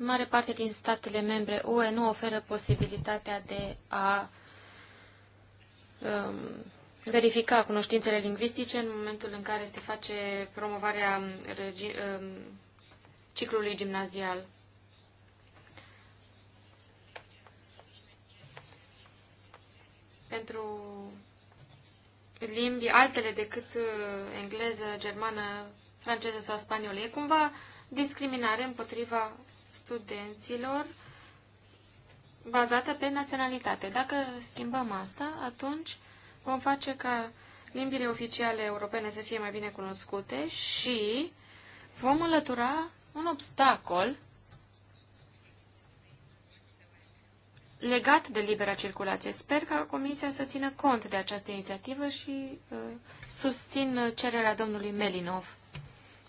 mare parte din statele membre UE nu oferă posibilitatea de a um, verifica cunoștințele lingvistice în momentul în care se face promovarea um, ciclului gimnazial. Pentru limbi altele decât uh, engleză, germană, franceză sau spaniolă. E cumva discriminare împotriva studenților bazată pe naționalitate. Dacă schimbăm asta, atunci vom face ca limbile oficiale europene să fie mai bine cunoscute și vom înlătura un obstacol legat de libera circulație. Sper ca Comisia să țină cont de această inițiativă și uh, susțin cererea domnului Melinov.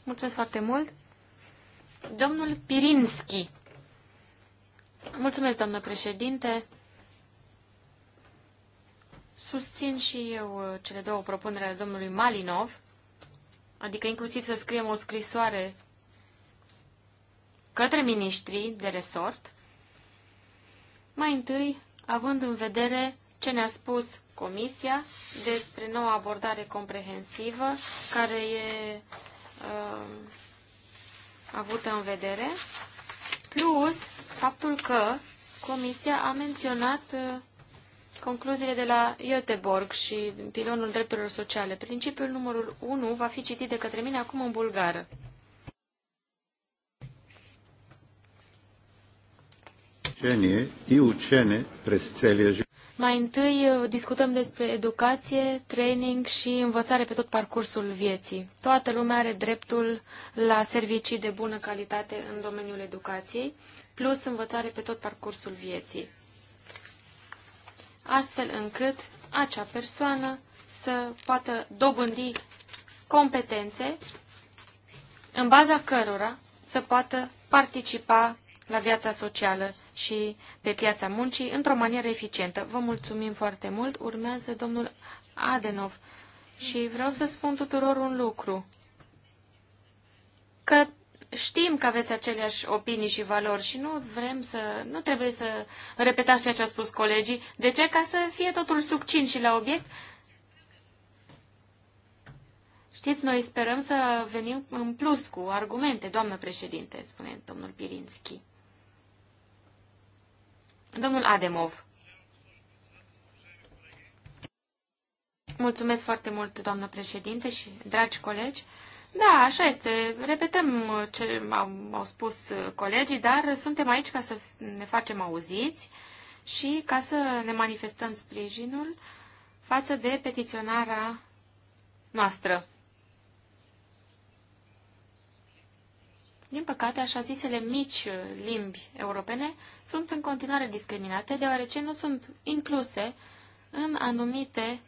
Mulțumesc foarte mult! Domnul Pirinski. Mulțumesc, doamnă președinte. Susțin și eu uh, cele două propuneri ale domnului Malinov, adică inclusiv să scriem o scrisoare către miniștrii de resort, mai întâi având în vedere ce ne-a spus Comisia despre noua abordare comprehensivă, care e uh, avută în vedere, plus faptul că Comisia a menționat uh, concluziile de la Göteborg și pilonul drepturilor sociale. Principiul numărul 1 va fi citit de către mine acum în bulgară. Učenje i učene mai întâi uh, discutăm despre educație, training și învățare pe tot parcursul vieții. Toată lumea are dreptul la servicii de bună calitate în domeniul educației, plus învățare pe tot parcursul vieții. Astfel încât acea persoană să poată dobândi competențe în baza cărora să poată participa la viața socială și pe piața muncii într-o manieră eficientă. Vă mulțumim foarte mult. Urmează domnul Adenov. Și vreau să spun tuturor un lucru. Că știm că aveți aceleași opinii și valori și nu vrem să, nu trebuie să repetați ceea ce au spus colegii. De ce? Ca să fie totul succint și la obiect. Știți, noi sperăm să venim în plus cu argumente, doamnă președinte, spune domnul Pirinski. Domnul Ademov. Mulțumesc foarte mult, doamnă președinte și dragi colegi. Da, așa este. Repetăm ce au, spus colegii, dar suntem aici ca să ne facem auziți și ca să ne manifestăm sprijinul față de petiționarea noastră. Din păcate, așa zisele mici uh, limbi europene sunt în continuare discriminate, deoarece nu sunt incluse în anumite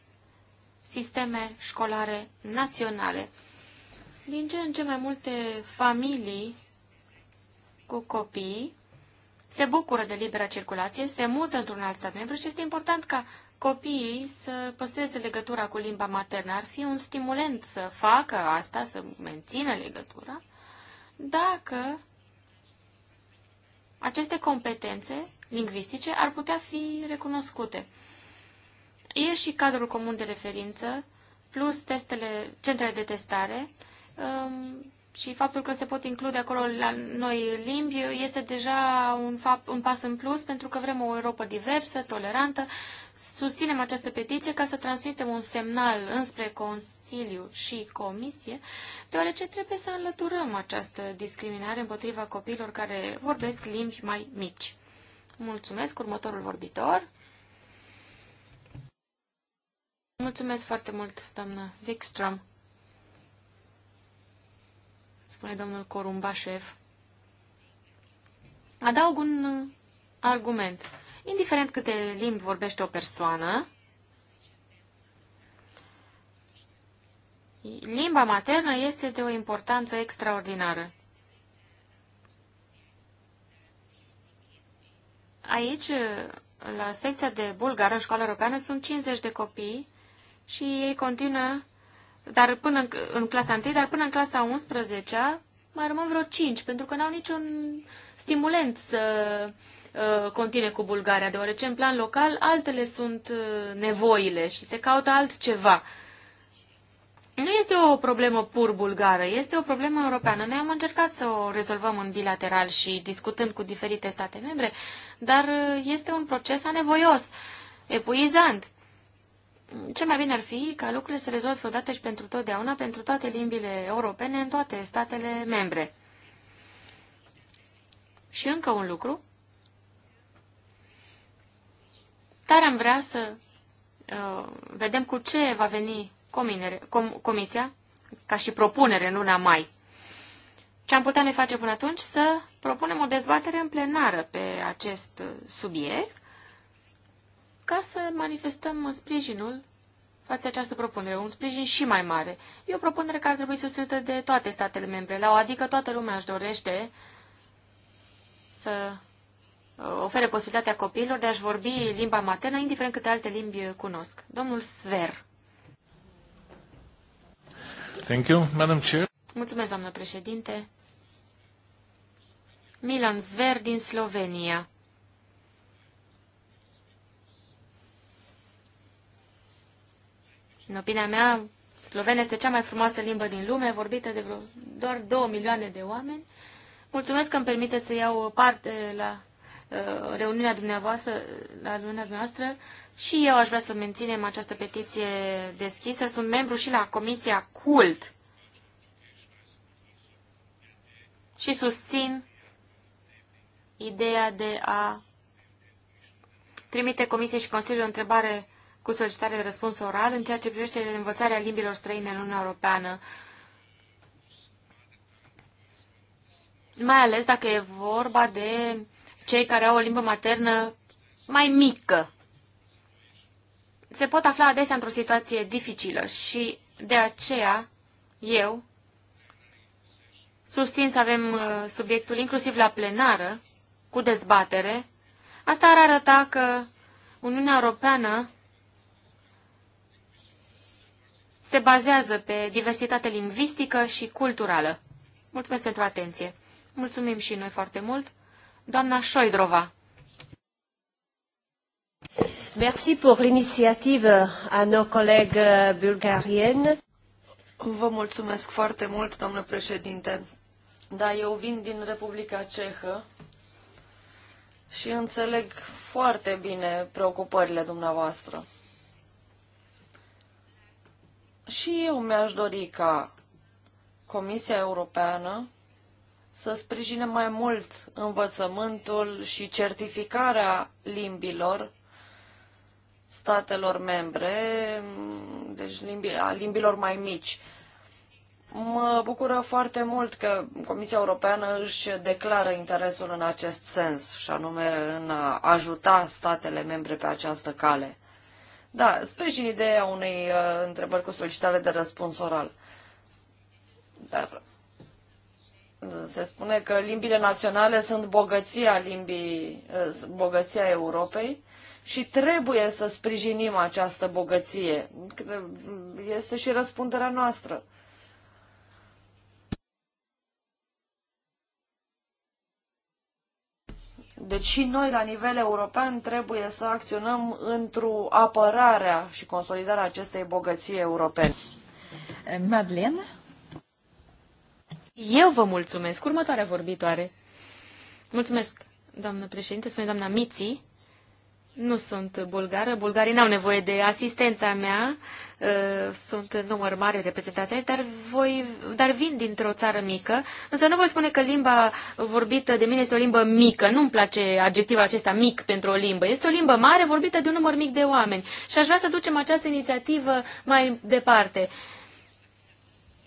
sisteme școlare naționale. Din ce în ce mai multe familii cu copii se bucură de libera circulație, se mută într-un alt stat membru și este important ca copiii să păstreze legătura cu limba maternă. Ar fi un stimulent să facă asta, să mențină legătura dacă aceste competențe lingvistice ar putea fi recunoscute. E și cadrul comun de referință, plus testele, centrele de testare, um, și faptul că se pot include acolo la noi limbi este deja un, fapt, un pas în plus pentru că vrem o Europa diversă, tolerantă. Susținem această petiție ca să transmitem un semnal înspre Consiliu și Comisie, deoarece trebuie să înlăturăm această discriminare împotriva copiilor care vorbesc limbi mai mici. Mulțumesc, următorul vorbitor. Mulțumesc foarte mult, doamnă Wikström spune domnul Corumbașev, adaug un uh, argument. Indiferent câte limbi vorbește o persoană, limba maternă este de o importanță extraordinară. Aici, la secția de bulgară, școală europeană, sunt 50 de copii și ei continuă dar până în, în clasa 1, dar până în clasa 11 mai rămân vreo 5, pentru că n-au niciun stimulent să uh, continue cu Bulgaria, deoarece în plan local altele sunt uh, nevoile și se caută altceva. Nu este o problemă pur bulgară, este o problemă europeană. Noi am încercat să o rezolvăm în bilateral și discutând cu diferite state membre, dar uh, este un proces anevoios, epuizant cel mai bine ar fi ca lucrurile să rezolve odată și pentru totdeauna pentru toate limbile europene în toate statele membre. Și încă un lucru. Dar am vrea să uh, vedem cu ce va veni cominere, com, comisia ca și propunere în luna mai. Ce am putea ne face până atunci? Să propunem o dezbatere în plenară pe acest subiect ca să manifestăm sprijinul față această propunere, un sprijin și mai mare. E o propunere care ar trebui susținută de toate statele membre, la o adică toată lumea își dorește să uh, ofere posibilitatea copiilor de a-și vorbi limba maternă, indiferent câte alte limbi cunosc. Domnul Sver. Thank you, Madam Chair. Mulțumesc, doamnă președinte. Milan Zver din Slovenia. În opinia mea, slovena este cea mai frumoasă limbă din lume, vorbită de vreo doar 2 milioane de oameni. Mulțumesc că îmi permiteți să iau parte la uh, reuniunea dumneavoastră, la reuniunea dumneavoastră și eu aș vrea să menținem această petiție deschisă. Sunt membru și la Comisia CULT și susțin ideea de a trimite Comisiei și Consiliului o întrebare cu solicitare de răspuns oral în ceea ce privește învățarea limbilor străine în Uniunea Europeană, mai ales dacă e vorba de cei care au o limbă maternă mai mică. Se pot afla adesea într-o situație dificilă și de aceea eu susțin să avem uh, subiectul inclusiv la plenară, cu dezbatere. Asta ar arăta că Uniunea Europeană se bazează pe diversitate lingvistică și culturală. Mulțumesc pentru atenție. Mulțumim și noi foarte mult. Doamna Șoidrova. Merci pour l'initiative à nos collègues bulgariennes. Vă mulțumesc foarte mult, doamnă președinte. Da, eu vin din Republica Cehă și înțeleg foarte bine preocupările dumneavoastră. Și eu mi-aș dori ca Comisia Europeană să sprijine mai mult învățământul și certificarea limbilor statelor membre, deci limbi, a limbilor mai mici. Mă bucură foarte mult că Comisia Europeană își declară interesul în acest sens, și anume în a ajuta statele membre pe această cale. Da, sprijin ideea unei uh, întrebări cu solicitare de răspuns oral. Dar uh, se spune că limbile naționale sunt bogăția limbii, uh, bogăția Europei și trebuie să sprijinim această bogăție. Este și răspunderea noastră. Deci și noi, la nivel european, trebuie să acționăm într-o apărarea și consolidarea acestei bogății europene. Eh, Madeleine? Eu vă mulțumesc. Următoarea vorbitoare. Mulțumesc, doamnă președinte. Spune doamna Miții. Nu sunt bulgară. Bulgarii n-au nevoie de asistența mea. Uh, sunt în număr mare reprezentați aici, dar, voi, dar vin dintr-o țară mică. Însă nu voi spune că limba vorbită de mine este o limbă mică. Nu-mi place adjectivul acesta mic pentru o limbă. Este o limbă mare vorbită de un număr mic de oameni. Și aș vrea să ducem această inițiativă mai departe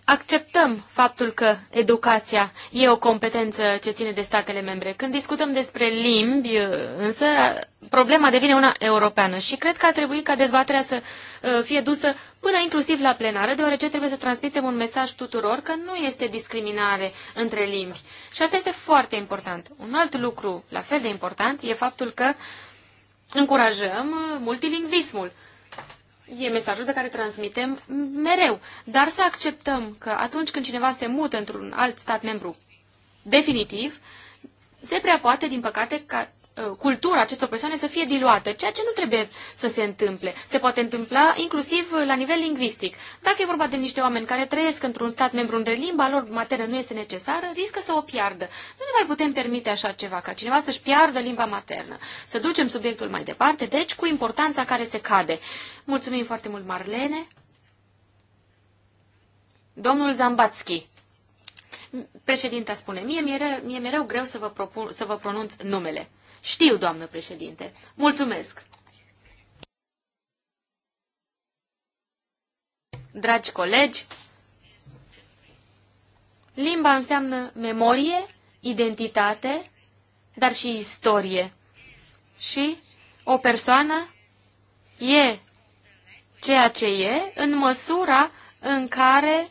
acceptăm faptul că educația e o competență ce ține de statele membre. Când discutăm despre limbi, uh, însă, problema devine una europeană și cred că ar trebui ca dezbaterea să uh, fie dusă până inclusiv la plenară, deoarece trebuie să transmitem un mesaj tuturor că nu este discriminare între limbi. Și asta este foarte important. Un alt lucru la fel de important e faptul că încurajăm uh, multilingvismul e mesajul pe care transmitem mereu. Dar să acceptăm că atunci când cineva se mută într-un alt stat membru definitiv, se prea poate, din păcate, ca Uh, cultura acestor persoane să fie diluată, ceea ce nu trebuie să se întâmple. Se poate întâmpla inclusiv la nivel lingvistic. Dacă e vorba de niște oameni care trăiesc într-un stat membru unde limba lor maternă nu este necesară, riscă să o piardă. Nu ne mai putem permite așa ceva, ca cineva să-și piardă limba maternă. Să ducem subiectul mai departe, deci cu importanța care se cade. Mulțumim foarte mult, Marlene. Domnul Zambatski. Președinta spune, mie mi-e rău, mie mi-e rău greu să vă, propun, să vă pronunț numele. Știu, doamnă președinte. Mulțumesc. Dragi colegi, limba înseamnă memorie, identitate, dar și istorie. Și o persoană e ceea ce e în măsura în care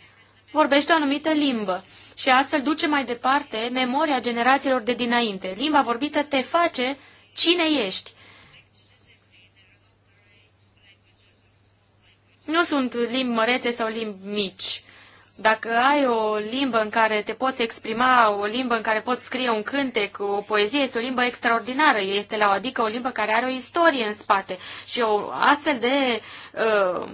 vorbește o anumită limbă și astfel duce mai departe memoria generațiilor de dinainte. Limba vorbită te face cine ești. Nu sunt limbi mărețe sau limbi mici. Dacă ai o limbă în care te poți exprima, o limbă în care poți scrie un cântec, o poezie, este o limbă extraordinară. Este la o adică o limbă care are o istorie în spate și o astfel de uh,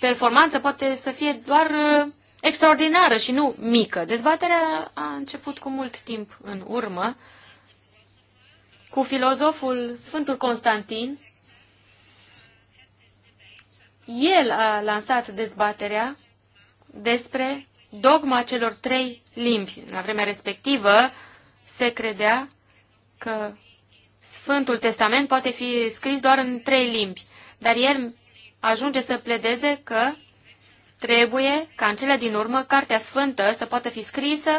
performanță poate să fie doar uh, extraordinară și nu mică. Dezbaterea a început cu mult timp în urmă cu filozoful Sfântul Constantin. El a lansat dezbaterea despre dogma celor trei limbi. La vremea respectivă se credea că Sfântul Testament poate fi scris doar în trei limbi, dar el ajunge să pledeze că Trebuie ca în cele din urmă Cartea Sfântă să poată fi scrisă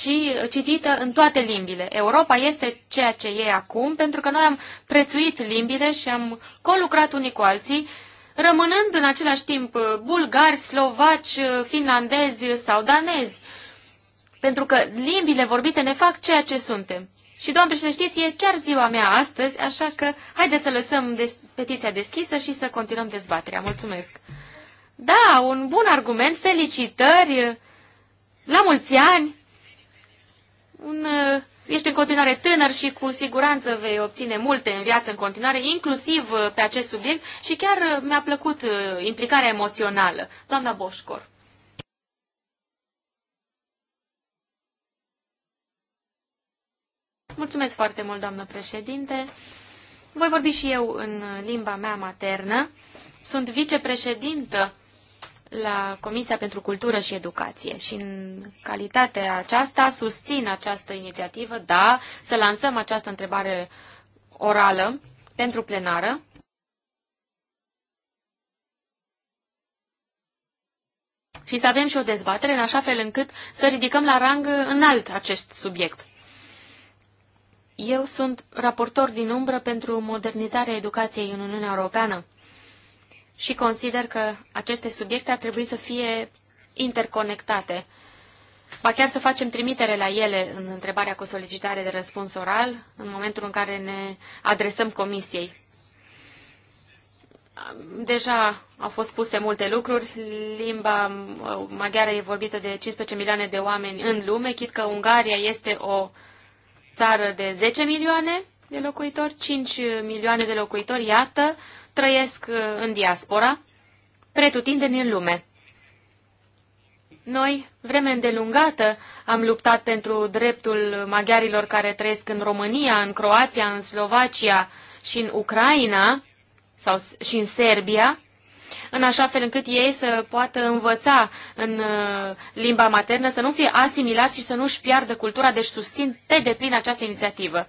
și uh, citită în toate limbile. Europa este ceea ce e acum pentru că noi am prețuit limbile și am colucrat unii cu alții, rămânând în același timp uh, bulgari, slovaci, uh, finlandezi sau danezi. Pentru că limbile vorbite ne fac ceea ce suntem. Și, doamne președinte, știți, e chiar ziua mea astăzi, așa că haideți să lăsăm des- petiția deschisă și să continuăm dezbaterea. Mulțumesc! Da, un bun argument, felicitări, la mulți ani. Un, uh, ești în continuare tânăr și cu siguranță vei obține multe în viață în continuare, inclusiv uh, pe acest subiect și chiar uh, mi-a plăcut implicarea emoțională. Doamna Boșcor. Mulțumesc foarte mult, doamnă președinte. Voi vorbi și eu în limba mea maternă. Sunt vicepreședintă la Comisia pentru Cultură și Educație și în calitatea aceasta susțin această inițiativă, da, să lansăm această întrebare orală pentru plenară. Și să avem și o dezbatere în așa fel încât să ridicăm la rang înalt acest subiect. Eu sunt raportor din umbră pentru modernizarea educației în Uniunea Europeană și consider că aceste subiecte ar trebui să fie interconectate. Ba chiar să facem trimitere la ele în întrebarea cu solicitare de răspuns oral, în momentul în care ne adresăm comisiei. Deja au fost puse multe lucruri. Limba uh, maghiară e vorbită de 15 milioane de oameni în lume, chit că Ungaria este o țară de 10 milioane de locuitori, 5 milioane de locuitori, iată, trăiesc uh, în diaspora, pretutindeni în lume. Noi, vreme îndelungată, am luptat pentru dreptul maghiarilor care trăiesc în România, în Croația, în Slovacia și în Ucraina sau și în Serbia, în așa fel încât ei să poată învăța în uh, limba maternă, să nu fie asimilați și să nu-și piardă cultura, deci susțin pe deplin această inițiativă.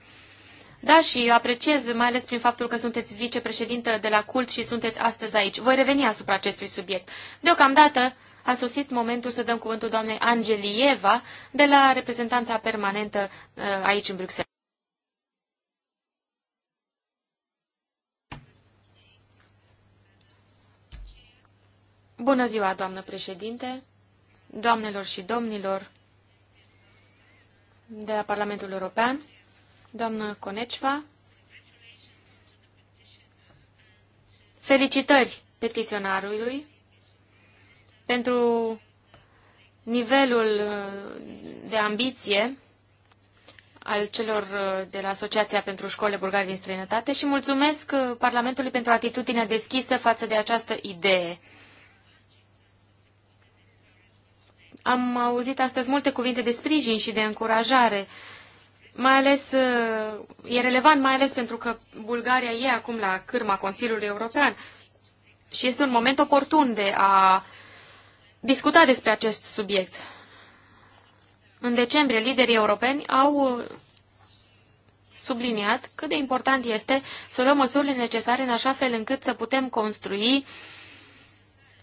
Da, și apreciez, mai ales prin faptul că sunteți vicepreședintă de la cult și sunteți astăzi aici. Voi reveni asupra acestui subiect. Deocamdată a sosit momentul să dăm cuvântul doamnei Angelieva de la reprezentanța permanentă uh, aici în Bruxelles. Bună ziua, doamnă președinte, doamnelor și domnilor de la Parlamentul European doamnă Conecva. Felicitări petiționarului pentru nivelul uh, de ambiție al celor uh, de la Asociația pentru Școle Bulgari din Străinătate și mulțumesc uh, Parlamentului pentru atitudinea deschisă față de această idee. Am auzit astăzi multe cuvinte de sprijin și de încurajare mai ales uh, e relevant mai ales pentru că Bulgaria e acum la cârma Consiliului European și este un moment oportun de a discuta despre acest subiect. În decembrie, liderii europeni au uh, subliniat cât de important este să luăm măsurile necesare în așa fel încât să putem construi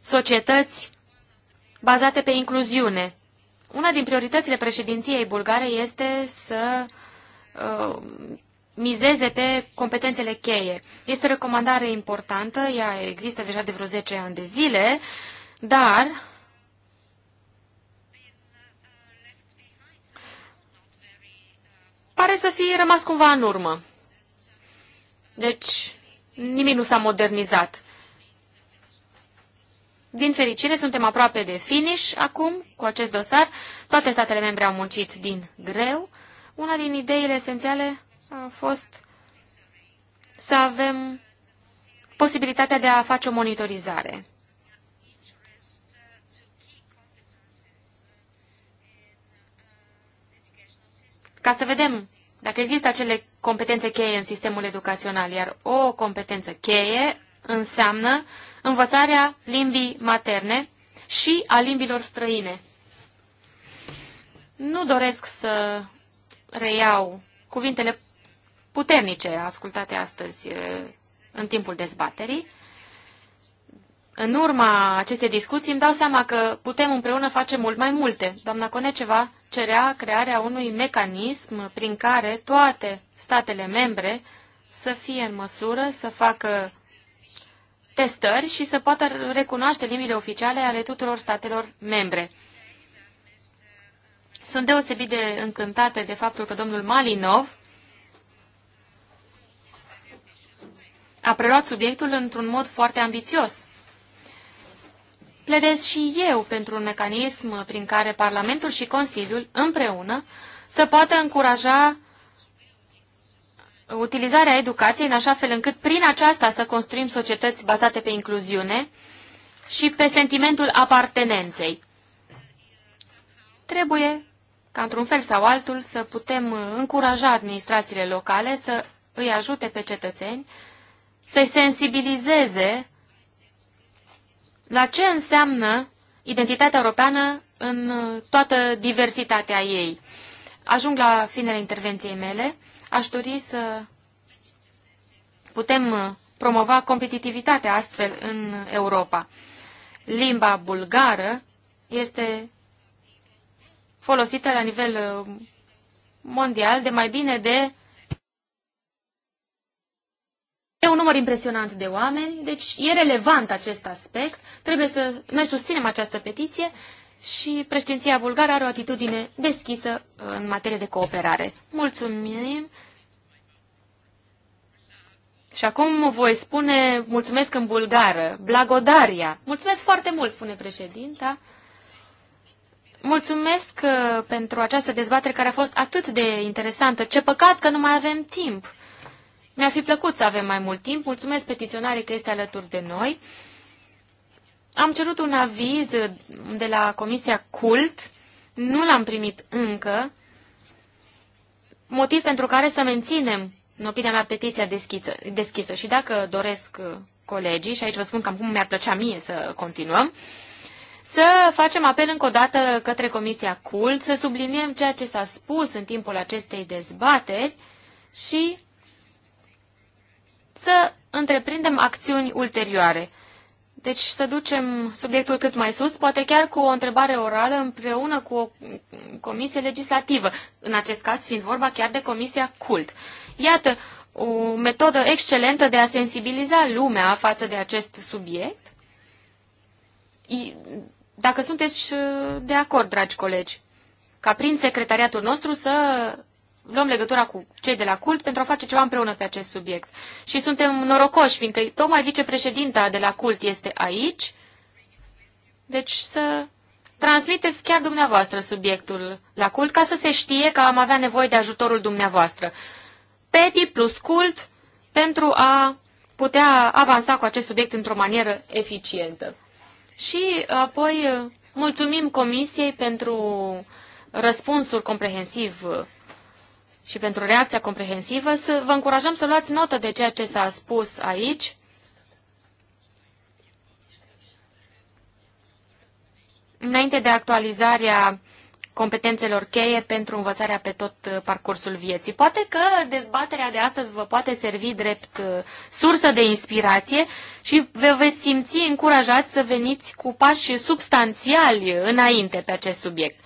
societăți bazate pe incluziune, una din prioritățile președinției bulgare este să uh, mizeze pe competențele cheie. Este o recomandare importantă, ea există deja de vreo 10 ani de zile, dar pare să fie rămas cumva în urmă. Deci, nimic nu s-a modernizat. Din fericire, suntem aproape de finish acum cu acest dosar. Toate statele membre au muncit din greu. Una din ideile esențiale a fost să avem posibilitatea de a face o monitorizare. Ca să vedem dacă există acele competențe cheie în sistemul educațional, iar o competență cheie înseamnă uh, învățarea limbii materne și a limbilor străine. Nu doresc să reiau cuvintele puternice ascultate astăzi în timpul dezbaterii. În urma acestei discuții îmi dau seama că putem împreună face mult mai multe. Doamna Coneceva cerea crearea unui mecanism prin care toate statele membre să fie în măsură să facă testări și să poată recunoaște limbile oficiale ale tuturor statelor membre. Sunt deosebit de încântată de faptul că domnul Malinov a preluat subiectul într-un mod foarte ambițios. Pledez și eu pentru un mecanism prin care Parlamentul și Consiliul, împreună, să poată încuraja utilizarea educației în așa fel încât prin aceasta să construim societăți bazate pe incluziune și pe sentimentul apartenenței. Trebuie ca într-un fel sau altul să putem încuraja administrațiile locale să îi ajute pe cetățeni să-i sensibilizeze la ce înseamnă identitatea europeană în toată diversitatea ei. Ajung la finele intervenției mele. Aș dori să putem promova competitivitatea astfel în Europa. Limba bulgară este folosită la nivel uh, mondial de mai bine de E un număr impresionant de oameni, deci e relevant acest aspect. Trebuie să noi susținem această petiție și președinția bulgară are o atitudine deschisă uh, în materie de cooperare. Mulțumim! Și acum mă voi spune mulțumesc în bulgară, blagodaria. Mulțumesc foarte mult, spune președinta. Mulțumesc uh, pentru această dezbatere care a fost atât de interesantă. Ce păcat că nu mai avem timp. Mi-ar fi plăcut să avem mai mult timp. Mulțumesc petiționarii că este alături de noi. Am cerut un aviz uh, de la Comisia CULT. Nu l-am primit încă. Motiv pentru care să menținem în opinia mea, petiția deschisă, deschisă. Și dacă doresc uh, colegii, și aici vă spun cam cum mi-ar plăcea mie să continuăm, să facem apel încă o dată către Comisia CULT, să subliniem ceea ce s-a spus în timpul acestei dezbateri și să întreprindem acțiuni ulterioare. Deci să ducem subiectul cât mai sus, poate chiar cu o întrebare orală împreună cu o comisie legislativă, în acest caz fiind vorba chiar de Comisia CULT. Iată, o metodă excelentă de a sensibiliza lumea față de acest subiect. Dacă sunteți uh, de acord, dragi colegi, ca prin secretariatul nostru să luăm legătura cu cei de la cult pentru a face ceva împreună pe acest subiect. Și suntem norocoși, fiindcă tocmai vicepreședinta de la cult este aici, deci să transmiteți chiar dumneavoastră subiectul la cult ca să se știe că am avea nevoie de ajutorul dumneavoastră. PETI plus CULT pentru a putea avansa cu acest subiect într-o manieră eficientă. Și apoi uh, mulțumim Comisiei pentru răspunsul comprehensiv uh, și pentru reacția comprehensivă. Să vă încurajăm să luați notă de ceea ce s-a spus aici. Înainte de actualizarea competențelor cheie pentru învățarea pe tot uh, parcursul vieții. Poate că dezbaterea de astăzi vă poate servi drept uh, sursă de inspirație și vă veți simți încurajați să veniți cu pași substanțiali înainte pe acest subiect.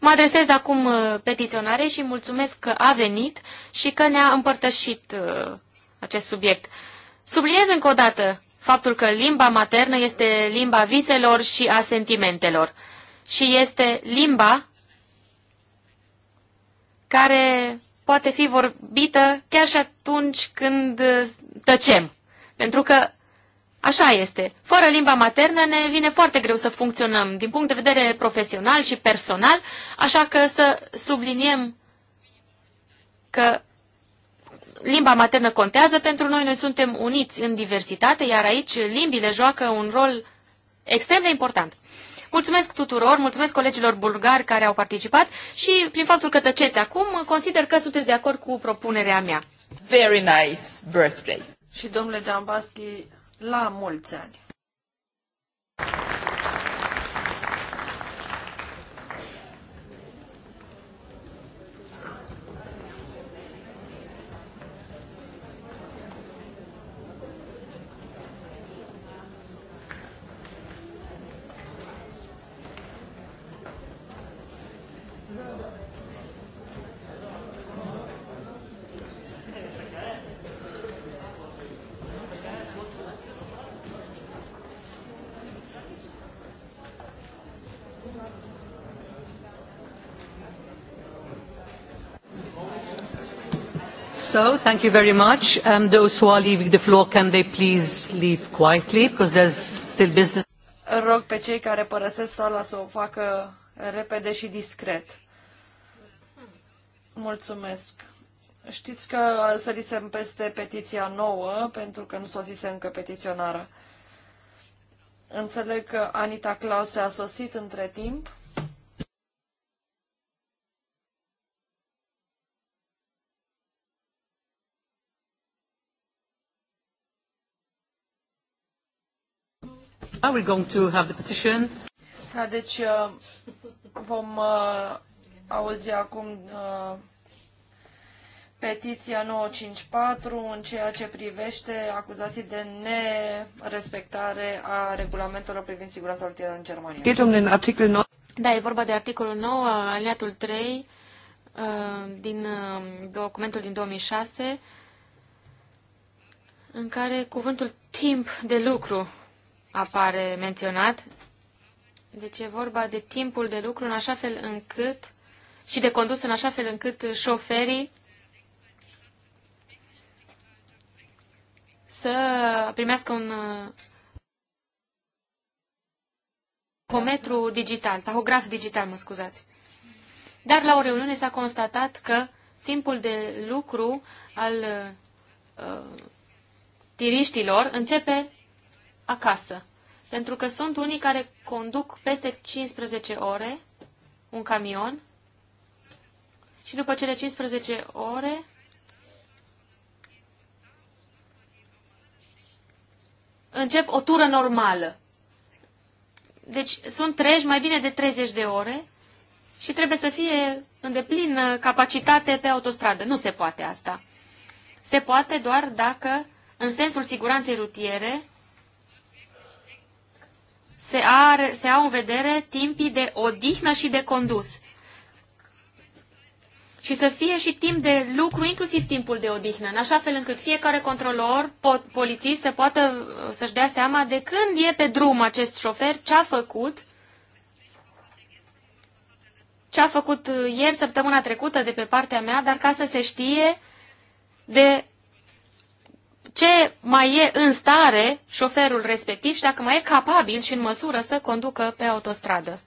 Mă adresez acum uh, petiționare și mulțumesc că a venit și că ne-a împărtășit acest subiect. Subliniez încă o dată faptul că limba maternă este limba viselor și a sentimentelor și este limba care poate fi vorbită chiar și atunci când uh, tăcem. Pentru că așa este. Fără limba maternă ne vine foarte greu să funcționăm din punct de vedere profesional și personal, așa că să subliniem că limba maternă contează pentru noi, noi suntem uniți în diversitate, iar aici limbile joacă un rol extrem de important. Mulțumesc tuturor, mulțumesc colegilor bulgari care au participat și prin faptul că tăceți acum, consider că sunteți de acord cu propunerea mea. Very nice birthday! Și domnule Giambaschi, la mulți ani! So, thank you very much. Um, those who are leaving the floor, can they please leave quietly, because there's still business. Rog pe cei care părăsesc sala să o facă repede și discret. Mulțumesc. Știți că sărisem peste petiția nouă, pentru că nu sosise încă petiționară. Înțeleg că Anita Claus a sosit între timp. Now we're going to have the petition. Da, deci uh, vom uh, auzi acum uh, petiția 954 în ceea ce privește acuzații de nerespectare a regulamentelor privind siguranța rutieră în Germania. Um da, e vorba de articolul 9, aliatul 3 din uh, documentul din 2006, în care cuvântul timp de lucru apare menționat. Deci e vorba de timpul de lucru în așa fel încât și de condus în așa fel încât șoferii să primească un tahometru uh, digital, tahograf digital, mă scuzați. Dar la o reuniune s-a constatat că timpul de lucru al uh, tiriștilor începe acasă. Pentru că sunt unii care conduc peste 15 ore un camion și după cele 15 ore încep o tură normală. Deci sunt treji mai bine de 30 de ore și trebuie să fie în deplin capacitate pe autostradă. Nu se poate asta. Se poate doar dacă, în sensul siguranței rutiere, se, are, se au în vedere timpii de odihnă și de condus. Și să fie și timp de lucru, inclusiv timpul de odihnă, în așa fel încât fiecare controlor, pot, polițist, să poată uh, să-și dea seama de când e pe drum acest șofer, ce a făcut, ce a făcut uh, ieri, săptămâna trecută, de pe partea mea, dar ca să se știe de ce mai e în stare șoferul respectiv și dacă mai e capabil și în măsură să conducă pe autostradă.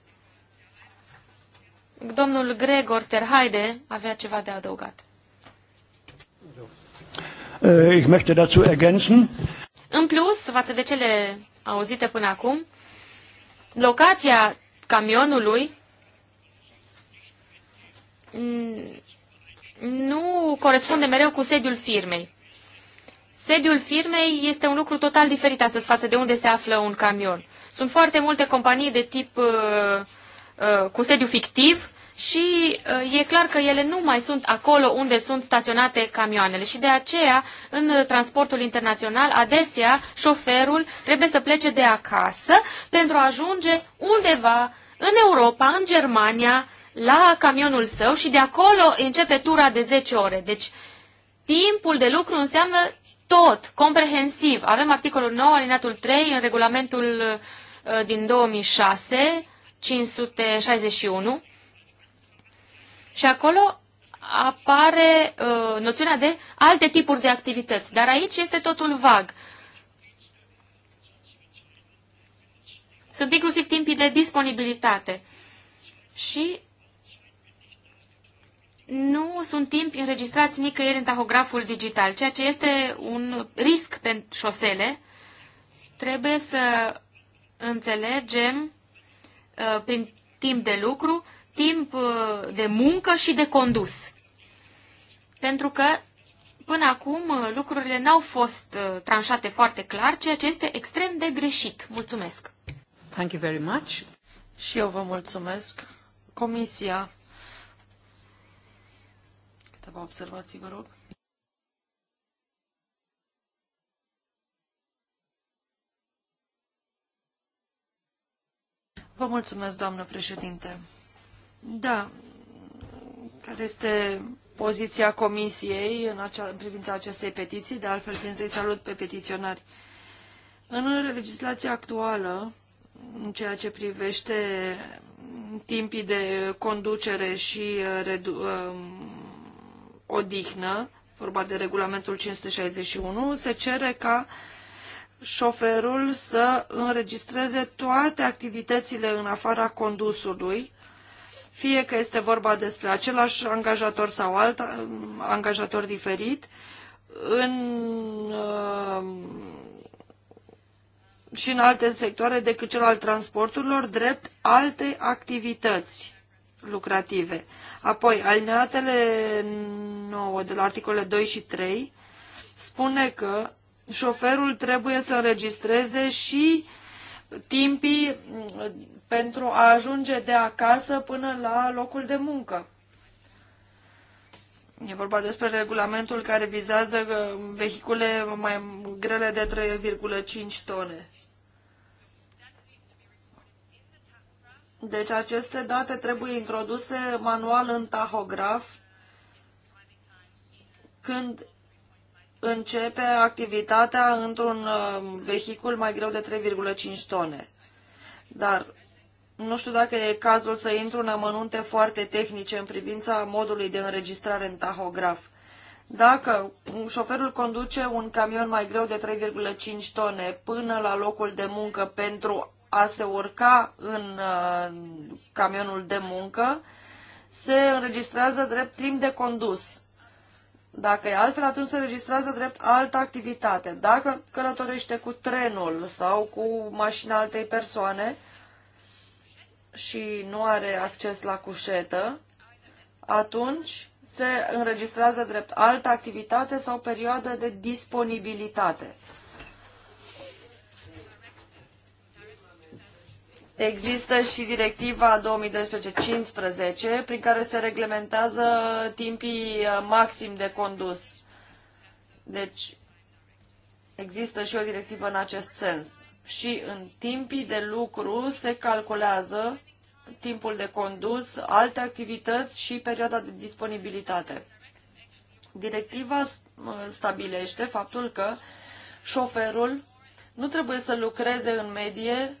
Domnul Gregor Terhaide avea ceva de adăugat. Äh, ich möchte dazu ergänzen. În plus, față de cele auzite până acum, locația camionului nu corespunde mereu cu sediul firmei. Sediul firmei este un lucru total diferit astăzi față de unde se află un camion. Sunt foarte multe companii de tip uh, uh, cu sediu fictiv și uh, e clar că ele nu mai sunt acolo unde sunt staționate camioanele și de aceea în transportul internațional adesea șoferul trebuie să plece de acasă pentru a ajunge undeva în Europa, în Germania, la camionul său și de acolo începe tura de 10 ore. Deci timpul de lucru înseamnă tot, comprehensiv. Avem articolul 9, alineatul 3, în regulamentul uh, din 2006, 561, și acolo apare uh, noțiunea de alte tipuri de activități. Dar aici este totul vag. Sunt inclusiv timpii de disponibilitate. Și nu sunt timp înregistrați nicăieri în tahograful digital, ceea ce este un risc pentru șosele. Trebuie să înțelegem uh, prin timp de lucru, timp uh, de muncă și de condus. Pentru că până acum uh, lucrurile n-au fost tranșate foarte clar, ceea ce este extrem de greșit. Mulțumesc! Thank you very much. Și eu vă mulțumesc. Comisia Câteva observații, vă rog. Vă mulțumesc, doamnă președinte. Da, care este poziția comisiei în, acea, în privința acestei petiții, de altfel țin să-i salut pe petiționari. În legislația actuală, în ceea ce privește timpii de conducere și redu- odihnă, vorba de regulamentul 561, se cere ca șoferul să înregistreze toate activitățile în afara condusului, fie că este vorba despre același angajator sau alt um, angajator diferit, în, um, și în alte sectoare decât cel al transporturilor, drept alte activități lucrative. Apoi, alineatele 9 de la articolele 2 și 3 spune că șoferul trebuie să înregistreze și timpii mm, pentru a ajunge de acasă până la locul de muncă. E vorba despre regulamentul care vizează uh, vehicule mai grele de 3,5 tone. Deci aceste date trebuie introduse manual în tahograf când începe activitatea într-un uh, vehicul mai greu de 3,5 tone. Dar nu știu dacă e cazul să intru în amănunte foarte tehnice în privința modului de înregistrare în tahograf. Dacă șoferul conduce un camion mai greu de 3,5 tone până la locul de muncă pentru a se urca în uh, camionul de muncă se înregistrează drept timp de condus. Dacă e altfel, atunci se înregistrează drept altă activitate. Dacă călătorește cu trenul sau cu mașina altei persoane și nu are acces la cușetă, atunci se înregistrează drept altă activitate sau perioadă de disponibilitate. Există și directiva 2012-15 prin care se reglementează timpii uh, maxim de condus. Deci există și o directivă în acest sens. Și în timpii de lucru se calculează timpul de condus, alte activități și perioada de disponibilitate. Directiva uh, stabilește faptul că șoferul nu trebuie să lucreze în medie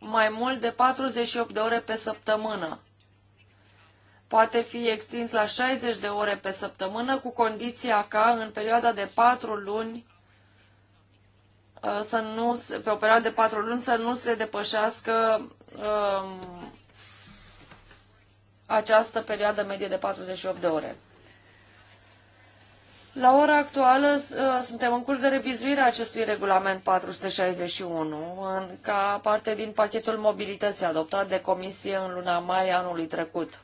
mai mult de 48 de ore pe săptămână. Poate fi extins la 60 de ore pe săptămână, cu condiția ca în perioada de 4 luni uh, să nu, pe o perioadă de 4 luni să nu se depășească um, această perioadă medie de 48 de ore. La ora actuală uh, suntem în curs de revizuire a acestui regulament 461, în, ca parte din pachetul mobilității adoptat de Comisie în luna mai anului trecut.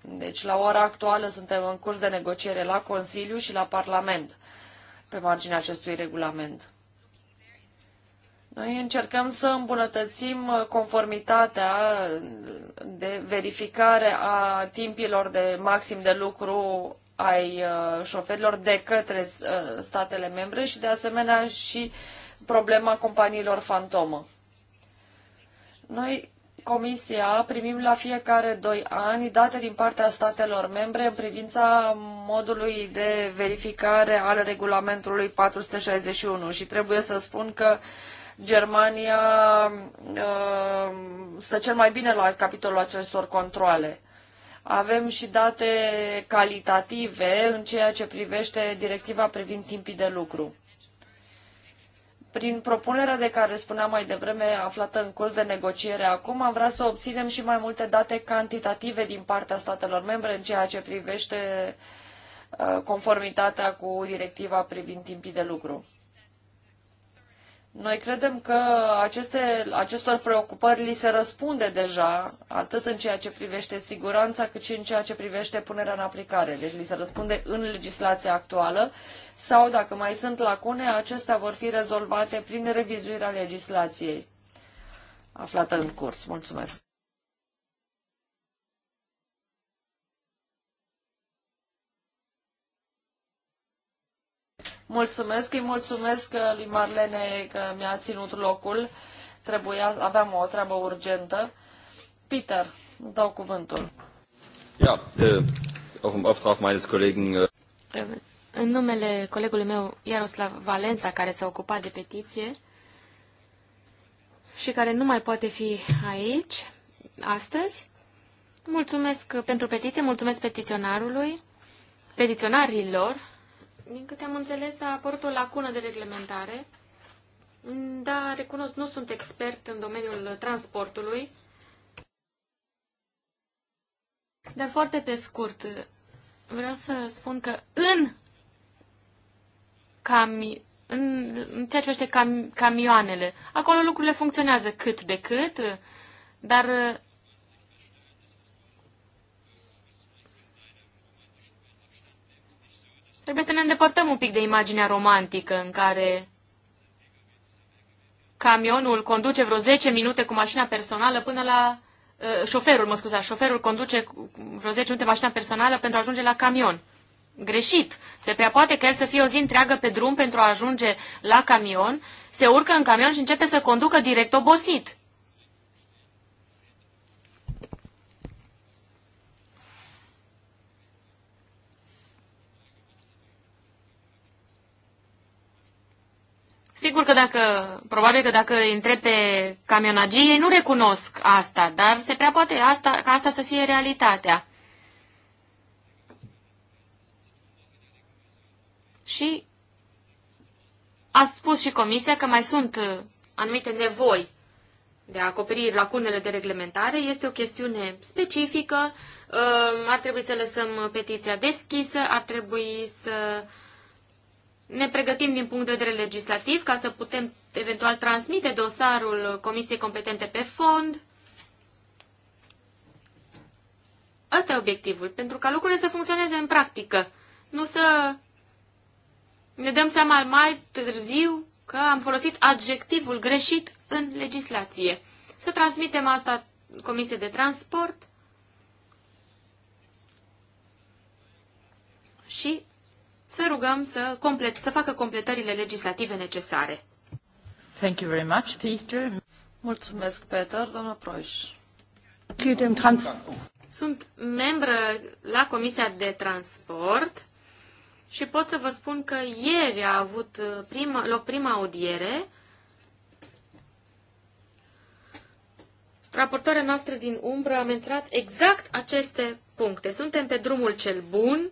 Deci, la ora actuală suntem în curs de negociere la Consiliu și la Parlament pe marginea acestui regulament. Noi încercăm să îmbunătățim uh, conformitatea de verificare a timpilor de maxim de lucru ai uh, șoferilor de către uh, statele membre și de asemenea și problema companiilor fantomă. Noi, Comisia, primim la fiecare doi ani date din partea statelor membre în privința modului de verificare al regulamentului 461 și trebuie să spun că Germania uh, stă cel mai bine la capitolul acestor controle. Avem și date calitative în ceea ce privește directiva privind timpii de lucru. Prin propunerea de care spuneam mai devreme, aflată în curs de negociere acum, am vrea să obținem și mai multe date cantitative din partea statelor membre în ceea ce privește uh, conformitatea cu directiva privind timpii de lucru. Noi credem că aceste, acestor preocupări li se răspunde deja, atât în ceea ce privește siguranța, cât și în ceea ce privește punerea în aplicare. Deci li se răspunde în legislația actuală sau, dacă mai sunt lacune, acestea vor fi rezolvate prin revizuirea legislației aflată în curs. Mulțumesc! Mulțumesc, îi mulțumesc uh, lui Marlene că mi-a ținut locul. Trebuia, aveam o treabă urgentă. Peter, îți dau cuvântul. Ja, äh, auch im Auftrag meines Kollegen. Uh, În numele colegului meu, Iaroslav Valența, care s-a ocupat de petiție și care nu mai poate fi aici astăzi, mulțumesc pentru petiție, mulțumesc petiționarului, petiționarilor, din câte am înțeles, a apărut o lacună de reglementare, dar recunosc, nu sunt expert în domeniul transportului. Dar foarte pe scurt, vreau să spun că în, cami în, în ceea ce cam, camioanele, acolo lucrurile funcționează cât de cât, dar Trebuie să ne îndepărtăm un pic de imaginea romantică în care camionul conduce vreo 10 minute cu mașina personală până la... Uh, șoferul, mă scuzați, șoferul conduce vreo 10 minute mașina personală pentru a ajunge la camion. Greșit. Se prea poate că el să fie o zi întreagă pe drum pentru a ajunge la camion, se urcă în camion și începe să conducă direct obosit. Sigur că dacă, probabil că dacă intre pe camionagii, ei nu recunosc asta, dar se prea poate asta, ca asta să fie realitatea. Și a spus și comisia că mai sunt uh, anumite nevoi de a acoperi lacunele de reglementare. Este o chestiune specifică, uh, ar trebui să lăsăm petiția deschisă, ar trebui să ne pregătim din punct de vedere legislativ ca să putem eventual transmite dosarul Comisiei Competente pe fond. Asta e obiectivul, pentru ca lucrurile să funcționeze în practică, nu să ne dăm seama mai târziu că am folosit adjectivul greșit în legislație. Să transmitem asta Comisiei de Transport și să rugăm să, complet, să facă completările legislative necesare. Thank you very much, Peter. Mulțumesc, Peter. Doamna Proș. Sunt membră la Comisia de Transport și pot să vă spun că ieri a avut prima, loc prima audiere. Raportoarea noastră din umbră a menționat exact aceste puncte. Suntem pe drumul cel bun,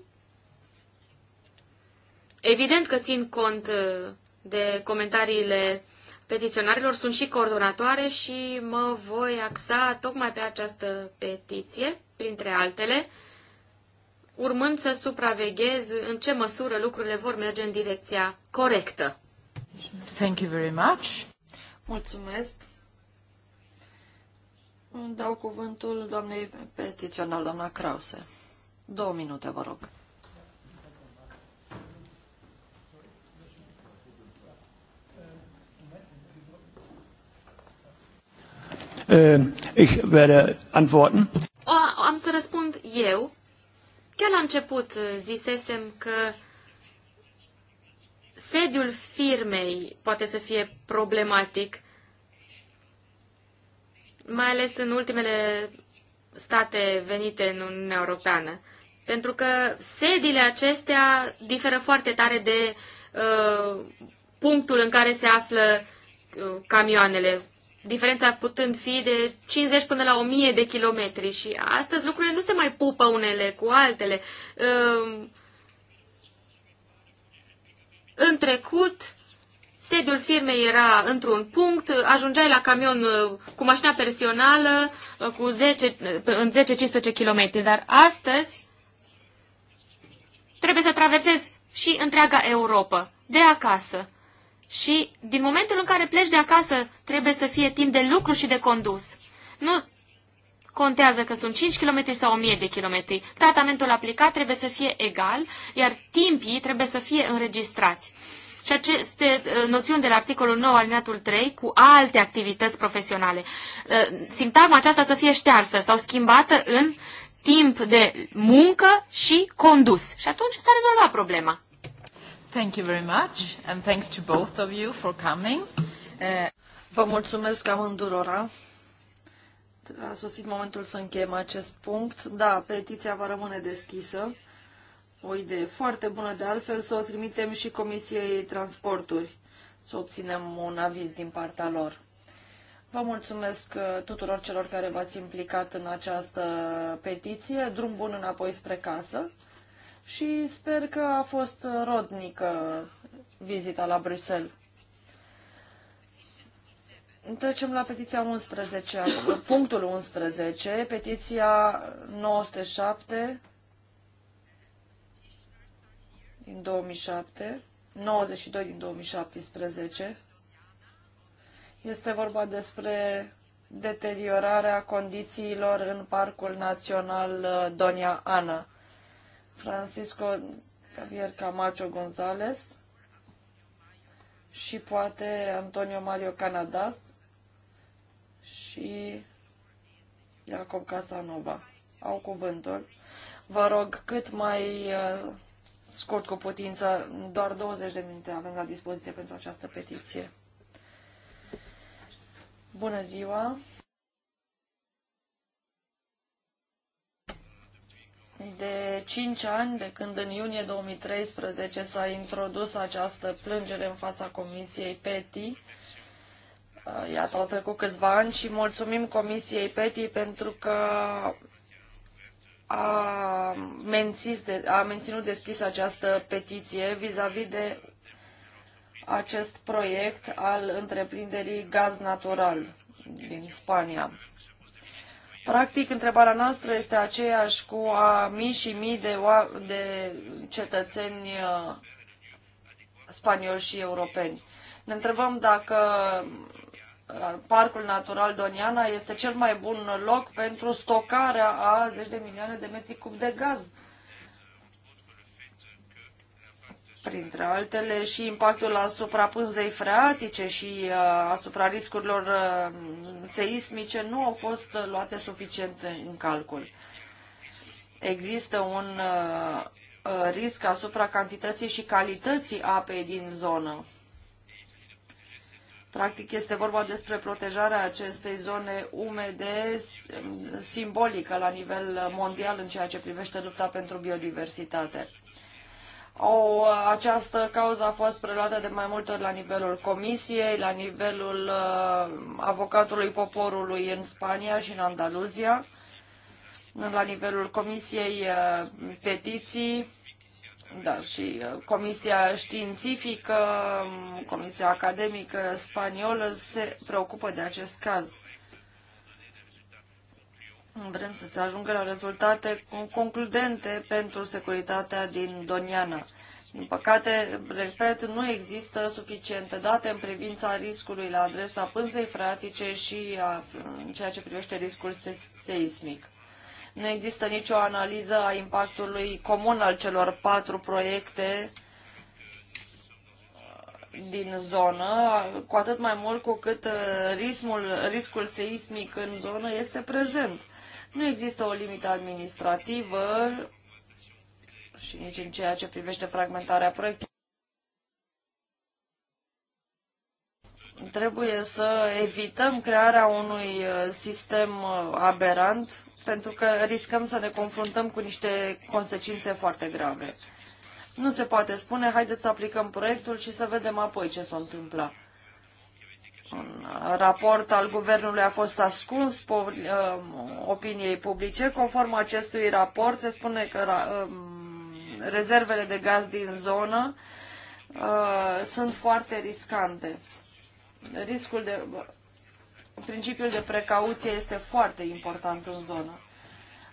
Evident că țin cont uh, de comentariile petiționarilor, sunt și coordonatoare și mă voi axa tocmai pe această petiție, printre altele, urmând să supraveghez în ce măsură lucrurile vor merge în direcția corectă. Thank you very much. Mulțumesc. Îmi dau cuvântul doamnei petițional, doamna Krause. Două minute, vă rog. Äh, ich werde antworten. O, am să răspund eu. Chiar la început uh, zisesem că sediul firmei poate să fie problematic, mai ales în ultimele state venite în Uniunea Europeană. Pentru că sediile acestea diferă foarte tare de uh, punctul în care se află uh, camioanele, diferența putând fi de 50 până la 1000 de kilometri și astăzi lucrurile nu se mai pupă unele cu altele. Ehm, în trecut, sediul firmei era într-un punct, ajungeai la camion uh, cu mașina personală uh, cu 10, uh, în 10-15 km, dar astăzi trebuie să traversezi și întreaga Europa, de acasă. Și din momentul în care pleci de acasă, trebuie să fie timp de lucru și de condus. Nu contează că sunt 5 km sau 1000 de km. Tratamentul aplicat trebuie să fie egal, iar timpii trebuie să fie înregistrați. Și aceste uh, noțiuni de la articolul 9 alineatul 3 cu alte activități profesionale. Uh, sintagma aceasta să fie ștearsă sau schimbată în timp de muncă și condus. Și atunci s-a rezolvat problema. Thank you very much and thanks to both of you for coming. Uh, Vă mulțumesc amândurora. A sosit momentul să încheiem acest punct. Da, petiția va rămâne deschisă. O idee foarte bună de altfel să o trimitem și Comisiei Transporturi, să obținem un aviz din partea lor. Vă mulțumesc uh, tuturor celor care v-ați implicat în această petiție. Drum bun înapoi spre casă și sper că a fost rodnică vizita la Bruxelles. Trecem la petiția 11, (coughs) punctul 11, petiția 907 din 2007, 92 din 2017. Este vorba despre deteriorarea condițiilor în Parcul Național uh, Donia Ana. Francisco Javier Camacho González și poate Antonio Mario Canadas și Iacob Casanova. Au cuvântul. Vă rog cât mai uh, scurt cu putință, doar 20 de minute avem la dispoziție pentru această petiție. Bună ziua! de 5 ani, de când în iunie 2013 s-a introdus această plângere în fața Comisiei PETI. Uh, iată, au trecut câțiva ani și mulțumim Comisiei PETI pentru că a, mențis de, a menținut deschis această petiție vis-a-vis -vis de acest proiect al întreprinderii Gaz Natural din Spania. Practic, întrebarea noastră este aceeași cu a mii și mii de, de cetățeni uh, spanioli și europeni. Ne întrebăm dacă uh, Parcul Natural Doniana este cel mai bun loc pentru stocarea a zeci de milioane de metri cub de gaz printre altele, și impactul asupra pânzei freatice și uh, asupra riscurilor uh, seismice nu au fost luate suficient în calcul. Există un uh, risc asupra cantității și calității apei din zonă. Practic este vorba despre protejarea acestei zone umede simbolică la nivel mondial în ceea ce privește lupta pentru biodiversitate. O, această cauză a fost preluată de mai multe ori la nivelul comisiei, la nivelul uh, avocatului poporului în Spania și în Andaluzia, la nivelul comisiei uh, petiții, da, și uh, comisia științifică, um, comisia academică spaniolă se preocupă de acest caz. Vrem să se ajungă la rezultate concludente pentru securitatea din Doniana. Din păcate, repet, nu există suficiente date în privința riscului la adresa pânzei fratice și a, în ceea ce privește riscul seismic. Nu există nicio analiză a impactului comun al celor patru proiecte uh, din zonă, cu atât mai mult cu cât uh, riscul, riscul seismic în zonă este prezent. Nu există o limită administrativă și nici în ceea ce privește fragmentarea proiectului. Trebuie să evităm crearea unui uh, sistem uh, aberant, pentru că riscăm să ne confruntăm cu niște consecințe foarte grave. Nu se poate spune, haideți să aplicăm proiectul și să vedem apoi ce s-a întâmplat. Un raport al guvernului a fost ascuns po- um, opiniei publice. Conform acestui raport se spune că um, rezervele de gaz din zonă uh, sunt foarte riscante. Riscul de, principiul de precauție este foarte important în zonă.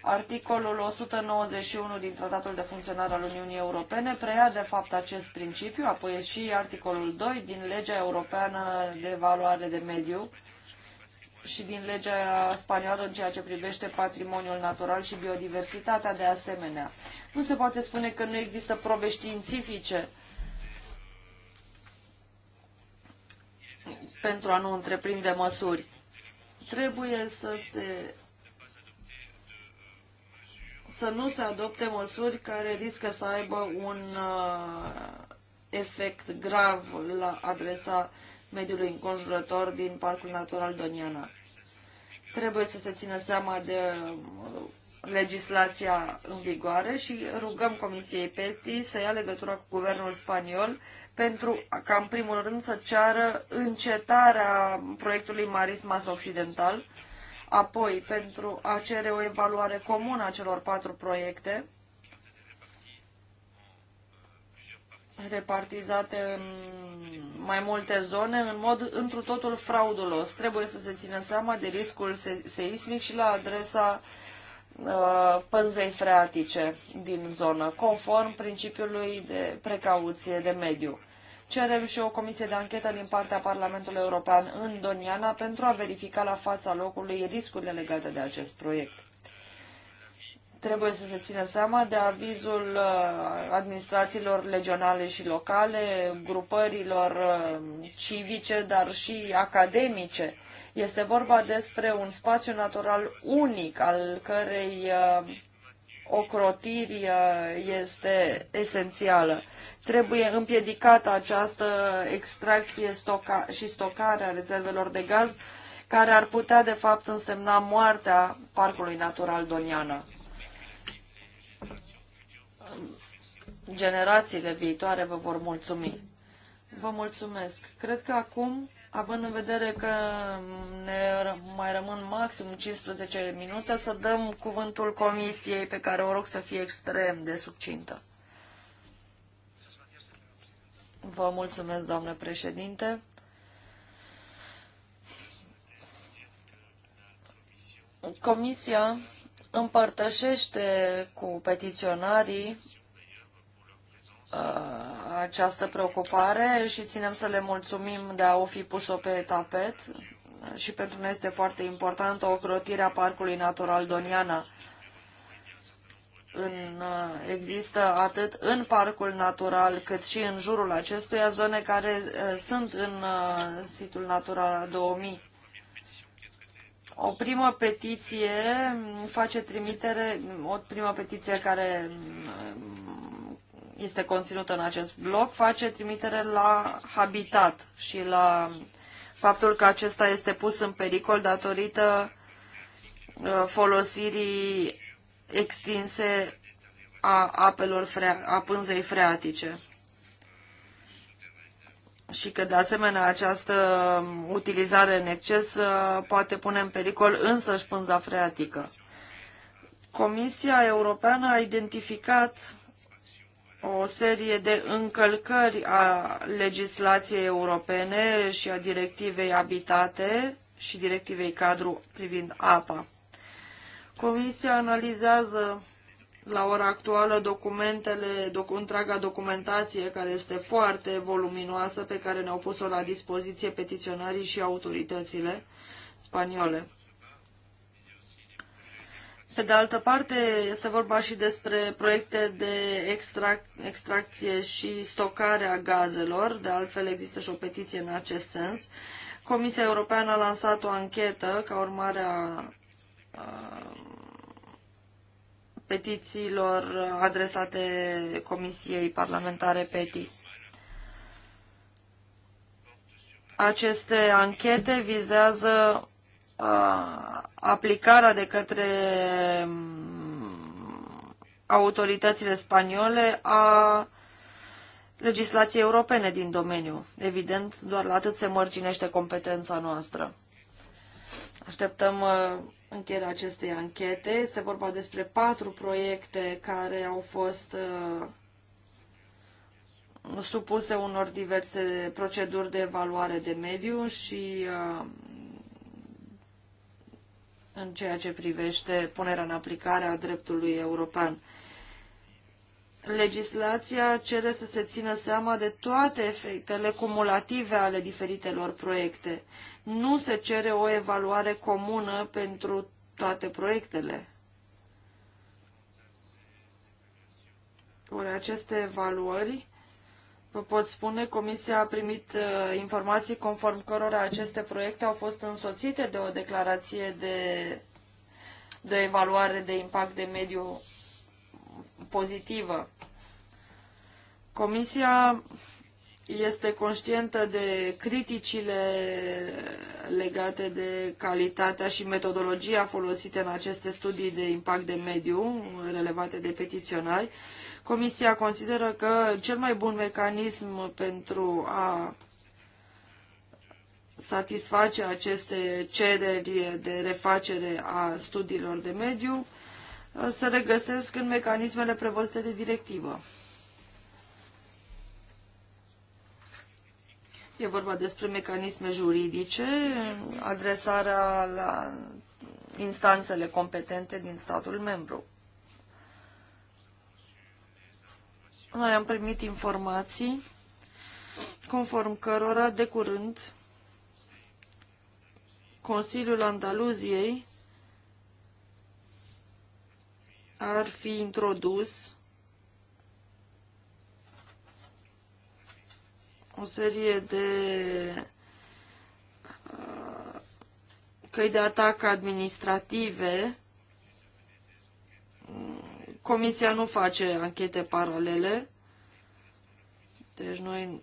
Articolul 191 din Tratatul de Funcționare al Uniunii Europene preia de fapt acest principiu, apoi și articolul 2 din Legea Europeană de Valoare de Mediu și din legea spaniolă în ceea ce privește patrimoniul natural și biodiversitatea de asemenea. Nu se poate spune că nu există probe științifice pentru a nu întreprinde măsuri. Trebuie să se să nu se adopte măsuri care riscă să aibă un uh, efect grav la adresa mediului înconjurător din Parcul Natural Doniana. Trebuie să se țină seama de uh, legislația în vigoare și rugăm Comisiei PETI să ia legătura cu guvernul spaniol pentru ca, în primul rând, să ceară încetarea proiectului Marismas Occidental Apoi, pentru a cere o evaluare comună a celor patru proiecte, repartizate în mai multe zone, în mod întru totul fraudulos. Trebuie să se țină seama de riscul seismic și la adresa uh, pânzei freatice din zonă, conform principiului de precauție de mediu. Cerem și o comisie de anchetă din partea Parlamentului European în Doniana pentru a verifica la fața locului riscurile legate de acest proiect. Trebuie să se țină seama de avizul uh, administrațiilor legionale și locale, grupărilor uh, civice, dar și academice. Este vorba despre un spațiu natural unic al cărei uh, ocrotiri uh, este esențială. Trebuie împiedicată această extracție stoca- și stocare a rezervelor de gaz, care ar putea de fapt însemna moartea Parcului Natural Doniana. Generațiile viitoare vă vor mulțumi. Vă mulțumesc. Cred că acum având în vedere că ne mai rămân maxim 15 minute, să dăm cuvântul comisiei pe care o rog să fie extrem de succintă. Vă mulțumesc, doamnă președinte. Comisia împărtășește cu petiționarii Uh, această preocupare și ținem să le mulțumim de a o fi pus-o pe tapet și pentru noi este foarte importantă ocrotirea Parcului Natural Doniana. În, uh, există atât în Parcul Natural cât și în jurul acestuia zone care uh, sunt în situl Natura 2000. O primă petiție face trimitere, o primă petiție care este conținută în acest bloc face trimitere la habitat și la faptul că acesta este pus în pericol datorită uh, folosirii extinse a apelor fre- a pânzei freatice. Și că, de asemenea, această utilizare în exces uh, poate pune în pericol însăși pânza freatică. Comisia Europeană a identificat o serie de încălcări a legislației europene și a directivei Abitate și directivei cadru privind apa. Comisia analizează la ora actuală documentele, doc, întreaga documentație care este foarte voluminoasă pe care ne-au pus-o la dispoziție petiționarii și autoritățile spaniole. Pe de altă parte, este vorba și despre proiecte de extrac extracție și stocare a gazelor, de altfel există și o petiție în acest sens. Comisia Europeană a lansat o anchetă ca urmare a, a petițiilor adresate Comisiei Parlamentare PETI. Aceste anchete vizează aplicarea de către mm, autoritățile spaniole a legislației europene din domeniu. Evident, doar la atât se mărginește competența noastră. Așteptăm uh, încheierea acestei anchete. Este vorba despre patru proiecte care au fost uh, supuse unor diverse proceduri de evaluare de mediu și uh, în ceea ce privește punerea în aplicare a dreptului european. Legislația cere să se țină seama de toate efectele cumulative ale diferitelor proiecte. Nu se cere o evaluare comună pentru toate proiectele. Ori aceste evaluări Vă pot spune, Comisia a primit uh, informații conform cărora aceste proiecte au fost însoțite de o declarație de, de evaluare de impact de mediu pozitivă. Comisia este conștientă de criticile legate de calitatea și metodologia folosite în aceste studii de impact de mediu relevate de petiționari Comisia consideră că cel mai bun mecanism pentru a satisface aceste cereri de refacere a studiilor de mediu se regăsesc în mecanismele prevăzute de directivă. E vorba despre mecanisme juridice, adresarea la instanțele competente din statul membru. Noi am primit informații conform cărora de curând Consiliul Andaluziei ar fi introdus o serie de uh, căi de atac administrative Comisia nu face anchete paralele, deci noi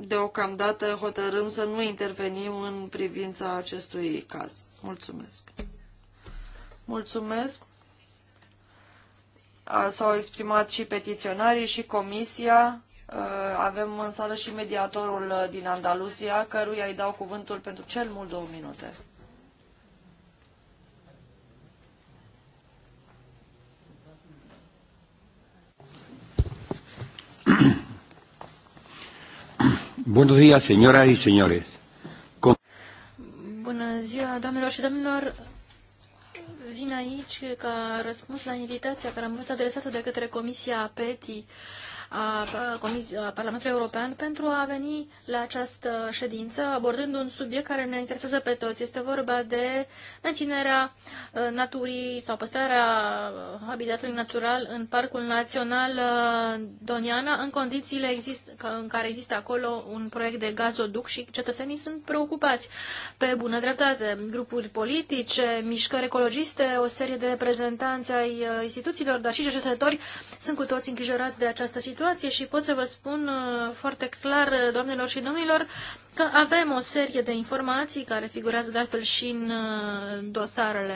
deocamdată hotărâm să nu intervenim în privința acestui caz. Mulțumesc. Mulțumesc. S-au exprimat și petiționarii și comisia. Avem în sală și mediatorul din Andalusia, căruia îi dau cuvântul pentru cel mult două minute. Buenos días, señoras y señores. Bună ziua, doamnelor și domnilor. Vin aici ca răspuns la invitația care am fost adresată de către Comisia PETI a Parlamentului European pentru a veni la această ședință abordând un subiect care ne interesează pe toți. Este vorba de menținerea naturii sau păstrarea habitatului natural în Parcul Național Doniana în condițiile exist, în care există acolo un proiect de gazoduc și cetățenii sunt preocupați. Pe bună dreptate, grupuri politice, mișcări ecologiste, o serie de reprezentanți ai instituțiilor, dar și cercetători sunt cu toți îngrijorați de această situație situație și pot să vă spun uh, foarte clar, uh, doamnelor și domnilor, că avem o serie de informații care figurează de altfel și în uh, dosarele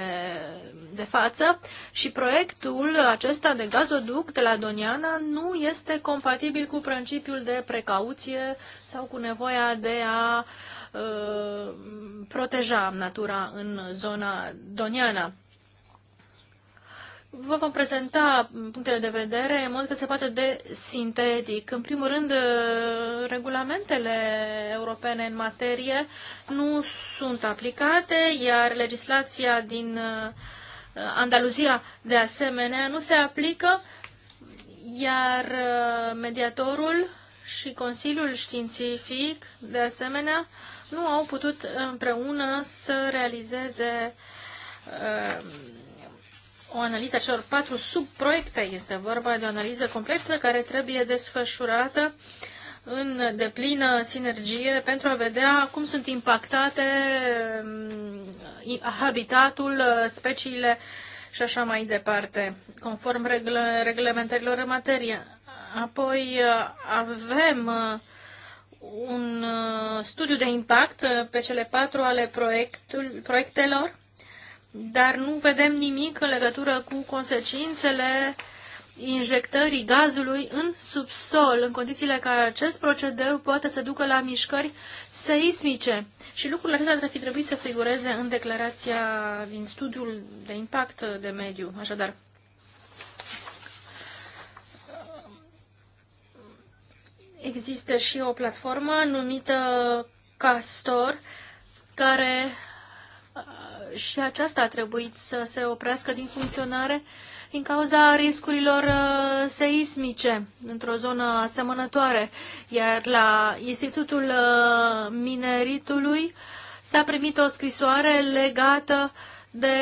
de față și proiectul acesta de gazoduc de la Doniana nu este compatibil cu principiul de precauție sau cu nevoia de a uh, proteja natura în zona Doniana. Vă vom prezenta punctele de vedere în mod că se poate de sintetic. În primul rând, uh, regulamentele europene în materie nu sunt aplicate, iar legislația din uh, Andaluzia, de asemenea, nu se aplică, iar uh, mediatorul și Consiliul Științific, de asemenea, nu au putut împreună să realizeze o analiză a celor patru subproiecte. Este vorba de o analiză completă care trebuie desfășurată în deplină sinergie pentru a vedea cum sunt impactate mm, habitatul, speciile și așa mai departe, conform reglementărilor în materie. Apoi avem uh, un uh, studiu de impact pe cele patru ale proiectul, proiectelor dar nu vedem nimic în legătură cu consecințele injectării gazului în subsol, în condițiile care acest procedeu poate să ducă la mișcări seismice. Și lucrurile acestea ar fi trebuit să figureze în declarația din studiul de impact de mediu. Așadar, există și o platformă numită Castor, care Uh, și aceasta a trebuit să se oprească din funcționare din cauza riscurilor uh, seismice într-o zonă asemănătoare. Iar la Institutul uh, Mineritului s-a primit o scrisoare legată de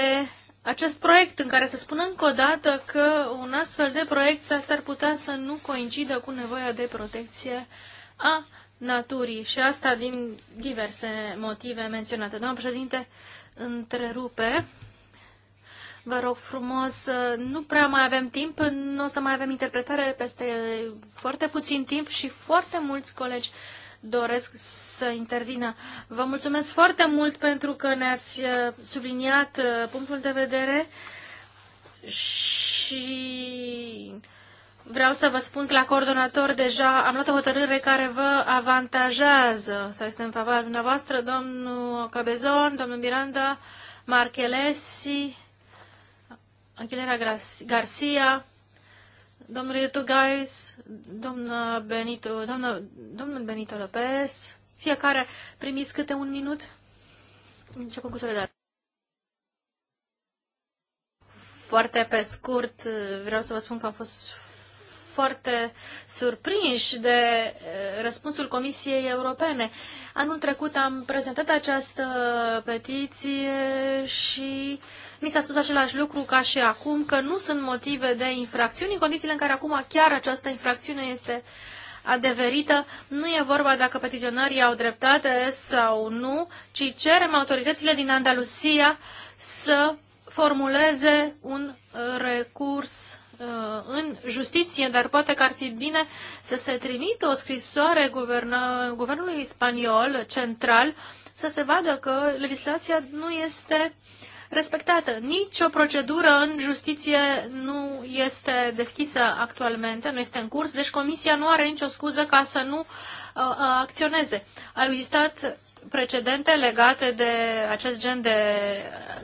acest proiect în care se spune încă o dată că un astfel de proiect s-ar putea să nu coincidă cu nevoia de protecție a naturii și asta din diverse motive menționate. Doamna președinte, întrerupe. Vă rog frumos, uh, nu prea mai avem timp, nu o să mai avem interpretare peste foarte puțin timp și foarte mulți colegi doresc să intervină. Vă mulțumesc foarte mult pentru că ne-ați uh, subliniat uh, punctul de vedere și Vreau să vă spun că la coordonator deja am luat o hotărâre care vă avantajează, să este în favoarea dumneavoastră, domnul Cabezon, domnul Miranda, Marchelesi, Anchilera Garcia, domnul Gais, doamna Benito, domnul Benito Lopez. Fiecare primiți câte un minut. Începem cu Foarte pe scurt, vreau să vă spun că am fost foarte surprinși de eh, răspunsul Comisiei Europene. Anul trecut am prezentat această petiție și mi s-a spus același lucru ca și acum, că nu sunt motive de infracțiuni, în condițiile în care acum chiar această infracțiune este adeverită. Nu e vorba dacă petiționarii au dreptate sau nu, ci cerem autoritățile din Andalusia să formuleze un eh, recurs Uh, în justiție, dar poate că ar fi bine să se trimită o scrisoare guvernă, guvernului spaniol central să se vadă că legislația nu este respectată. Nici o procedură în justiție nu este deschisă actualmente, nu este în curs, deci Comisia nu are nicio scuză ca să nu uh, uh acționeze. Au existat precedente legate de acest gen de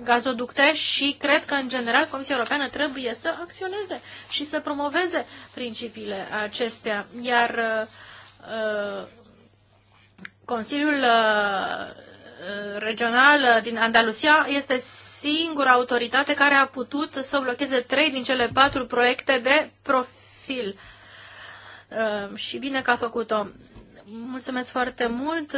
gazoducte și cred că, în general, Comisia Europeană trebuie să acționeze și să promoveze principiile acestea. Iar uh, uh, Consiliul uh, regional din Andalusia este singura autoritate care a putut să blocheze trei din cele patru proiecte de profil. Și bine că a făcut-o. Mulțumesc foarte mult.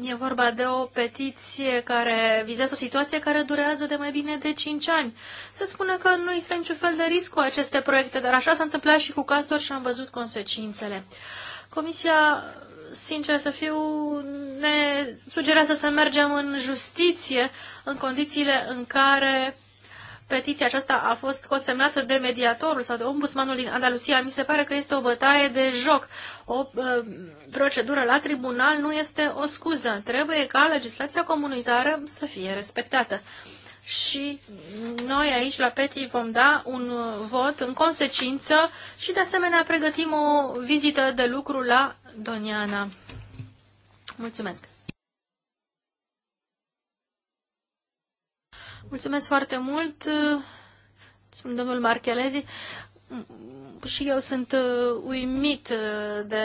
E vorba de o petiție care vizează o situație care durează de mai bine de 5 ani. Se spune că nu este niciun fel de risc cu aceste proiecte, dar așa s-a întâmplat și cu Castor și am văzut consecințele. Comisia, sincer să fiu, ne sugerează să mergem în justiție în condițiile în care Petiția aceasta a fost consemnată de mediatorul sau de ombudsmanul din Andalusia. Mi se pare că este o bătaie de joc. O uh, procedură la tribunal nu este o scuză. Trebuie ca legislația comunitară să fie respectată. Și noi aici la PETI vom da un uh, vot în consecință și de asemenea pregătim o vizită de lucru la Doniana. Mulțumesc! Mulțumesc foarte mult, sunt domnul Marchelezi. Și eu sunt uh, uimit uh, de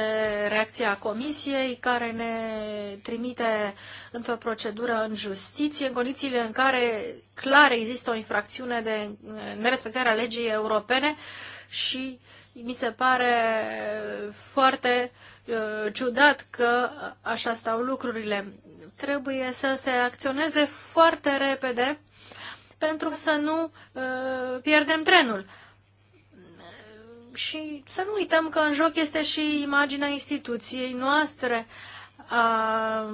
reacția comisiei care ne trimite într-o procedură în justiție, în condițiile în care clar există o infracțiune de uh, nerespectare a legii europene și mi se pare foarte ciudat că așa stau lucrurile. Trebuie să se acționeze foarte repede pentru să nu uh, pierdem trenul. Și să nu uităm că în joc este și imaginea instituției noastre. Uh, a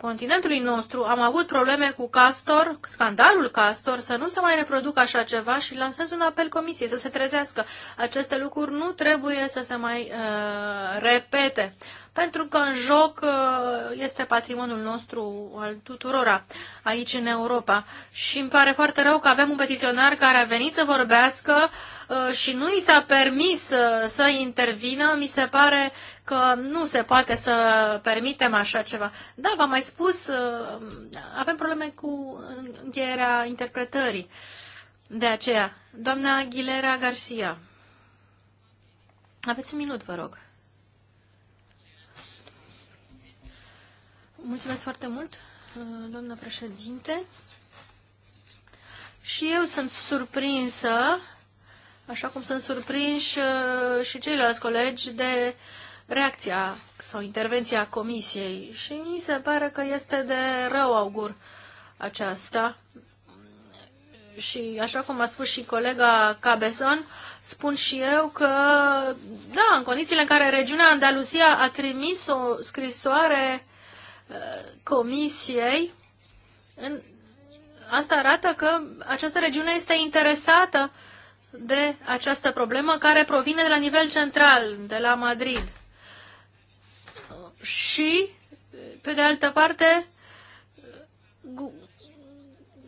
continentului nostru am avut probleme cu Castor, scandalul Castor, să nu se mai reproducă așa ceva și lansez un apel comisiei să se trezească. Aceste lucruri nu trebuie să se mai uh, repete, pentru că în joc uh, este patrimoniul nostru al tuturora aici în Europa. Și îmi pare foarte rău că avem un petiționar care a venit să vorbească uh, și nu i s-a permis uh, să intervină, mi se pare uh, că nu se poate să permitem așa ceva. Da, v-am mai spus, uh, avem probleme cu încheierea interpretării. De aceea, doamna Aguilera Garcia, aveți un minut, vă rog. Mulțumesc foarte mult, uh, doamna președinte. Și eu sunt surprinsă, așa cum sunt surprinși uh, și ceilalți colegi, de reacția sau intervenția comisiei și mi se pare că este de rău augur aceasta. Și așa cum a spus și colega Cabezon, spun și eu că, da, în condițiile în care regiunea Andalusia a trimis o scrisoare uh, comisiei, în, asta arată că această regiune este interesată de această problemă care provine de la nivel central, de la Madrid și, pe de altă parte, gu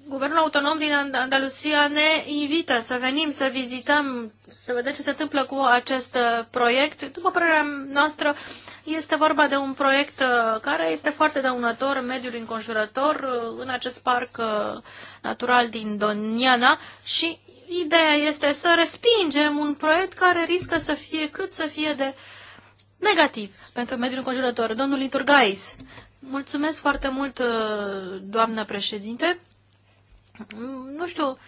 Guvernul Autonom din Andalusia ne invită să venim, să vizităm, să vedem ce se întâmplă cu acest uh, proiect. După părerea noastră, este vorba de un proiect uh, care este foarte dăunător mediului înconjurător uh, în acest parc natural din Doniana și ideea este să respingem un proiect care riscă să fie cât să fie de uh, negativ pentru mediul înconjurător. Domnul Iturgais, mulțumesc foarte mult, uh, doamnă președinte. Nu știu,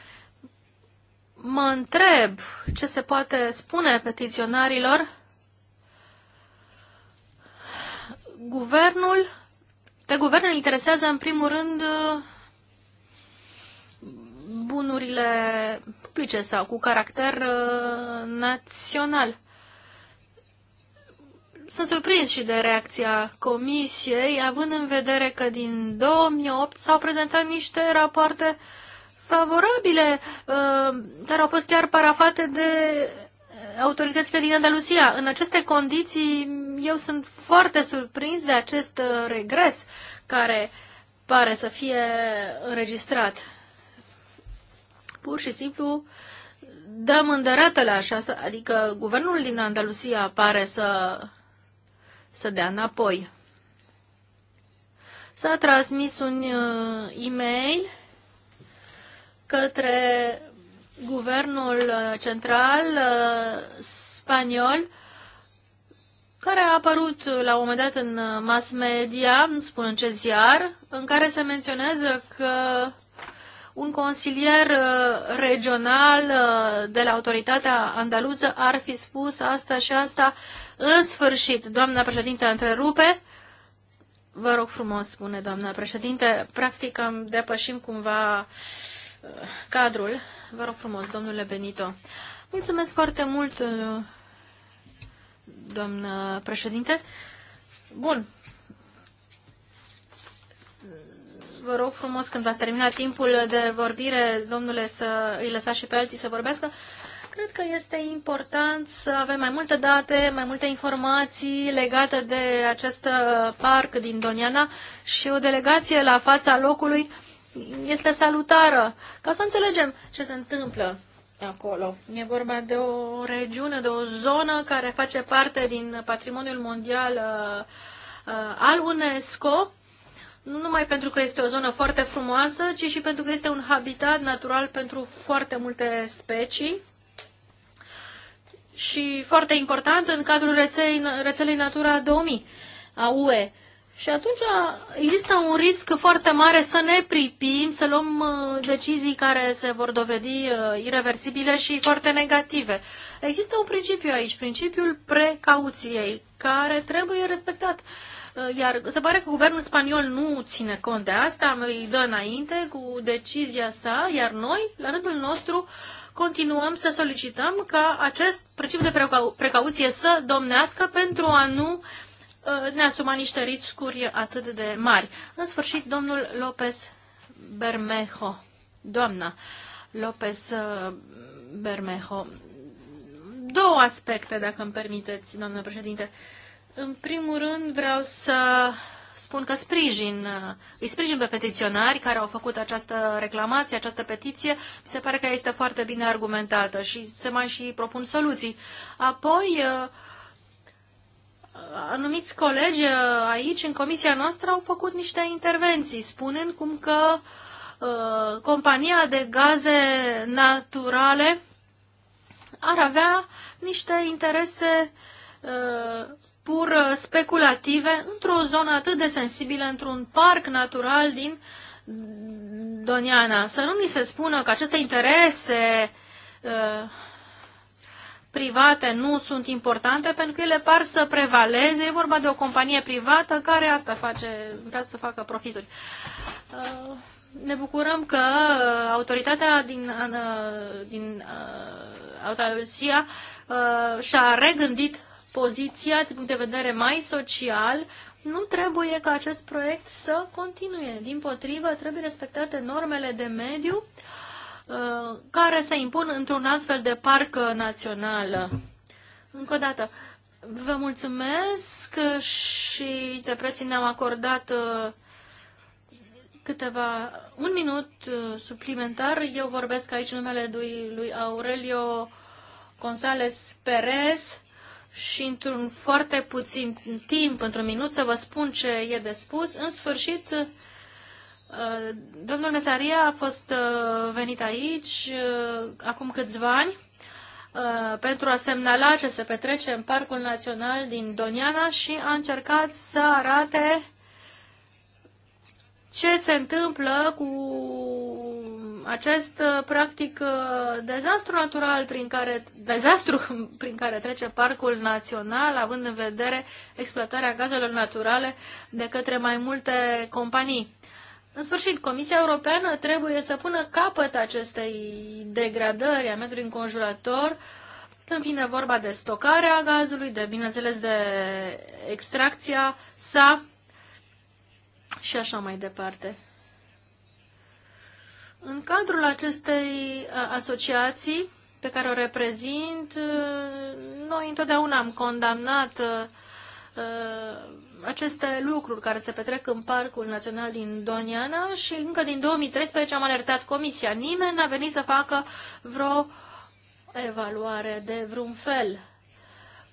mă întreb ce se poate spune petiționarilor. Guvernul, pe guvernul interesează în primul rând uh, bunurile publice sau cu caracter uh, național sunt surprins și de reacția comisiei, având în vedere că din 2008 s-au prezentat niște rapoarte favorabile, uh, care au fost chiar parafate de uh, autoritățile din Andalusia. În aceste condiții, eu sunt foarte surprins de acest uh, regres care pare să fie înregistrat. Pur și simplu dăm îndărată la așa, adică guvernul din Andalusia pare să să dea înapoi. S-a transmis un uh, e-mail către guvernul uh, central uh, spaniol care a apărut la un moment dat în mass media, nu spun în ce ziar, în care se menționează că un consilier uh, regional uh, de la autoritatea andaluză ar fi spus asta și asta. În sfârșit, doamna președinte întrerupe. Vă rog frumos, spune doamna președinte. Practic am depășim cumva uh, cadrul. Vă rog frumos, domnule Benito. Mulțumesc foarte mult, doamnă președinte. Bun, vă rog frumos, când v-ați terminat timpul de vorbire, domnule, să îi lăsați și pe alții să vorbească. Cred că este important să avem mai multe date, mai multe informații legate de acest parc din Doniana și o delegație la fața locului este salutară, ca să înțelegem ce se întâmplă acolo. E vorba de o regiune, de o zonă care face parte din patrimoniul mondial uh, uh, al UNESCO nu numai pentru că este o zonă foarte frumoasă, ci și pentru că este un habitat natural pentru foarte multe specii și foarte important în cadrul rețelei, rețelei Natura 2000 a UE. Și atunci există un risc foarte mare să ne pripim, să luăm uh, decizii care se vor dovedi uh, irreversibile și foarte negative. Există un principiu aici, principiul precauției, care trebuie respectat. Uh, Uh, iar se pare că guvernul spaniol nu ține cont de asta, îi dă înainte cu decizia sa, iar noi, la rândul nostru, continuăm să solicităm ca acest principiu de precau precauție să domnească pentru a nu uh, ne asuma niște riscuri atât de mari. În sfârșit, domnul López Bermejo, doamna López uh, Bermejo, două aspecte, dacă îmi permiteți, domnule președinte. Uh, în primul rând vreau să spun că sprijin, îi sprijin pe petiționari care au făcut această reclamație, această petiție. Mi se pare că este foarte bine argumentată și se mai și propun soluții. Apoi, uh, anumiți colegi uh, aici, în comisia noastră, au făcut niște intervenții, spunând cum că uh, compania de gaze naturale ar avea niște interese uh, pur uh, speculative într-o zonă atât de sensibilă, într-un parc natural din Doniana. Să nu mi se spună că aceste interese uh, private nu sunt importante pentru că ele par să prevaleze. E vorba de o companie privată care asta face, vrea să facă profituri. Uh, ne bucurăm că autoritatea din, din Andalusia și-a regândit poziția din punct de vedere mai social, nu trebuie ca acest proiect să continue. Din potrivă, trebuie respectate normele de mediu uh, care se impun într-un astfel de parc național. Încă o dată, vă mulțumesc și de preții ne-au acordat uh, câteva, un minut uh, suplimentar. Eu vorbesc aici numele lui, lui Aurelio González Perez și într-un foarte puțin timp, într o minut, să vă spun ce e de spus. În sfârșit, uh, domnul Mesaria a fost uh, venit aici uh, acum câțiva ani pentru a semnala ce se petrece în Parcul Național din Doniana și a încercat să arate ce se întâmplă cu acest uh, practic uh, dezastru natural prin care, dezastru (laughs) prin care trece parcul național, având în vedere exploatarea gazelor naturale de către mai multe companii. În sfârșit, Comisia Europeană trebuie să pună capăt acestei degradări a mediului înconjurător când vine vorba de stocarea gazului, de, bineînțeles, de extracția sa și așa mai departe. În cadrul acestei asociații pe care o reprezint, noi întotdeauna am condamnat aceste lucruri care se petrec în Parcul Național din Doniana și încă din 2013 am alertat comisia. Nimeni n-a venit să facă vreo evaluare de vreun fel.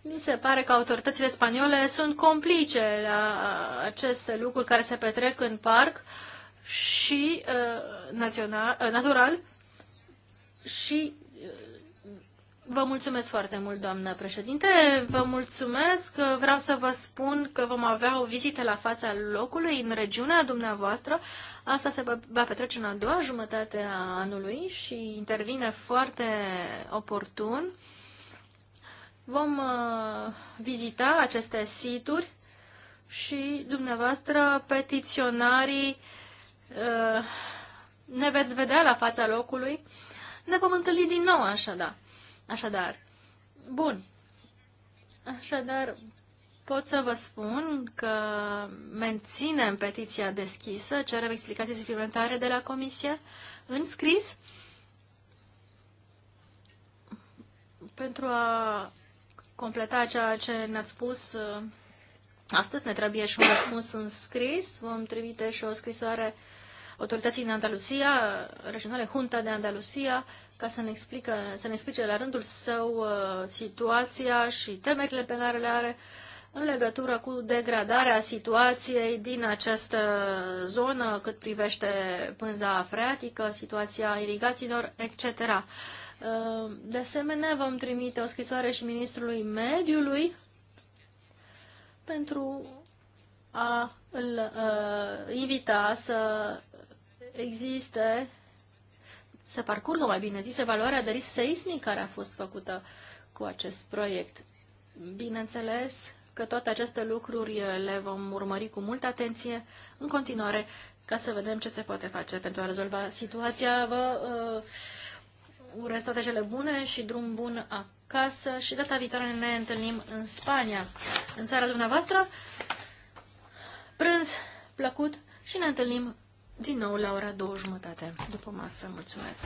Mi se pare că autoritățile spaniole sunt complice la aceste lucruri care se petrec în parc și uh, național, uh, natural și uh, Vă mulțumesc foarte mult, doamnă președinte. Vă mulțumesc. Vreau să vă spun că vom avea o vizită la fața locului în regiunea dumneavoastră. Asta se va petrece în a doua jumătate a anului și intervine foarte oportun. Vom uh, vizita aceste situri și dumneavoastră petiționarii Uh, ne veți vedea la fața locului. Ne vom întâlni din nou, așadar. Așadar, bun. Așadar, pot să vă spun că menținem petiția deschisă, cerem explicații suplimentare de la Comisie în scris pentru a completa ceea ce ne-ați spus uh, astăzi. Ne trebuie și un răspuns în scris. Vom trimite și o scrisoare autorității din Andalusia, regionale Junta de Andalusia, ca să ne, explică, să ne explice la rândul său uh, situația și temerile pe care le are în legătură cu degradarea situației din această zonă cât privește pânza freatică, situația irigațiilor, etc. Uh, de asemenea, vom trimite o scrisoare și Ministrului Mediului pentru a îl uh, invita să existe, să parcurgă mai bine zis, evaluarea de risc seismic care a fost făcută cu acest proiect. Bineînțeles că toate aceste lucruri le vom urmări cu multă atenție în continuare ca să vedem ce se poate face pentru a rezolva situația. Vă uh, urez toate cele bune și drum bun acasă și data viitoare ne întâlnim în Spania, în țara dumneavoastră. Prânz plăcut și ne întâlnim din nou la ora două jumătate după masă. Mulțumesc!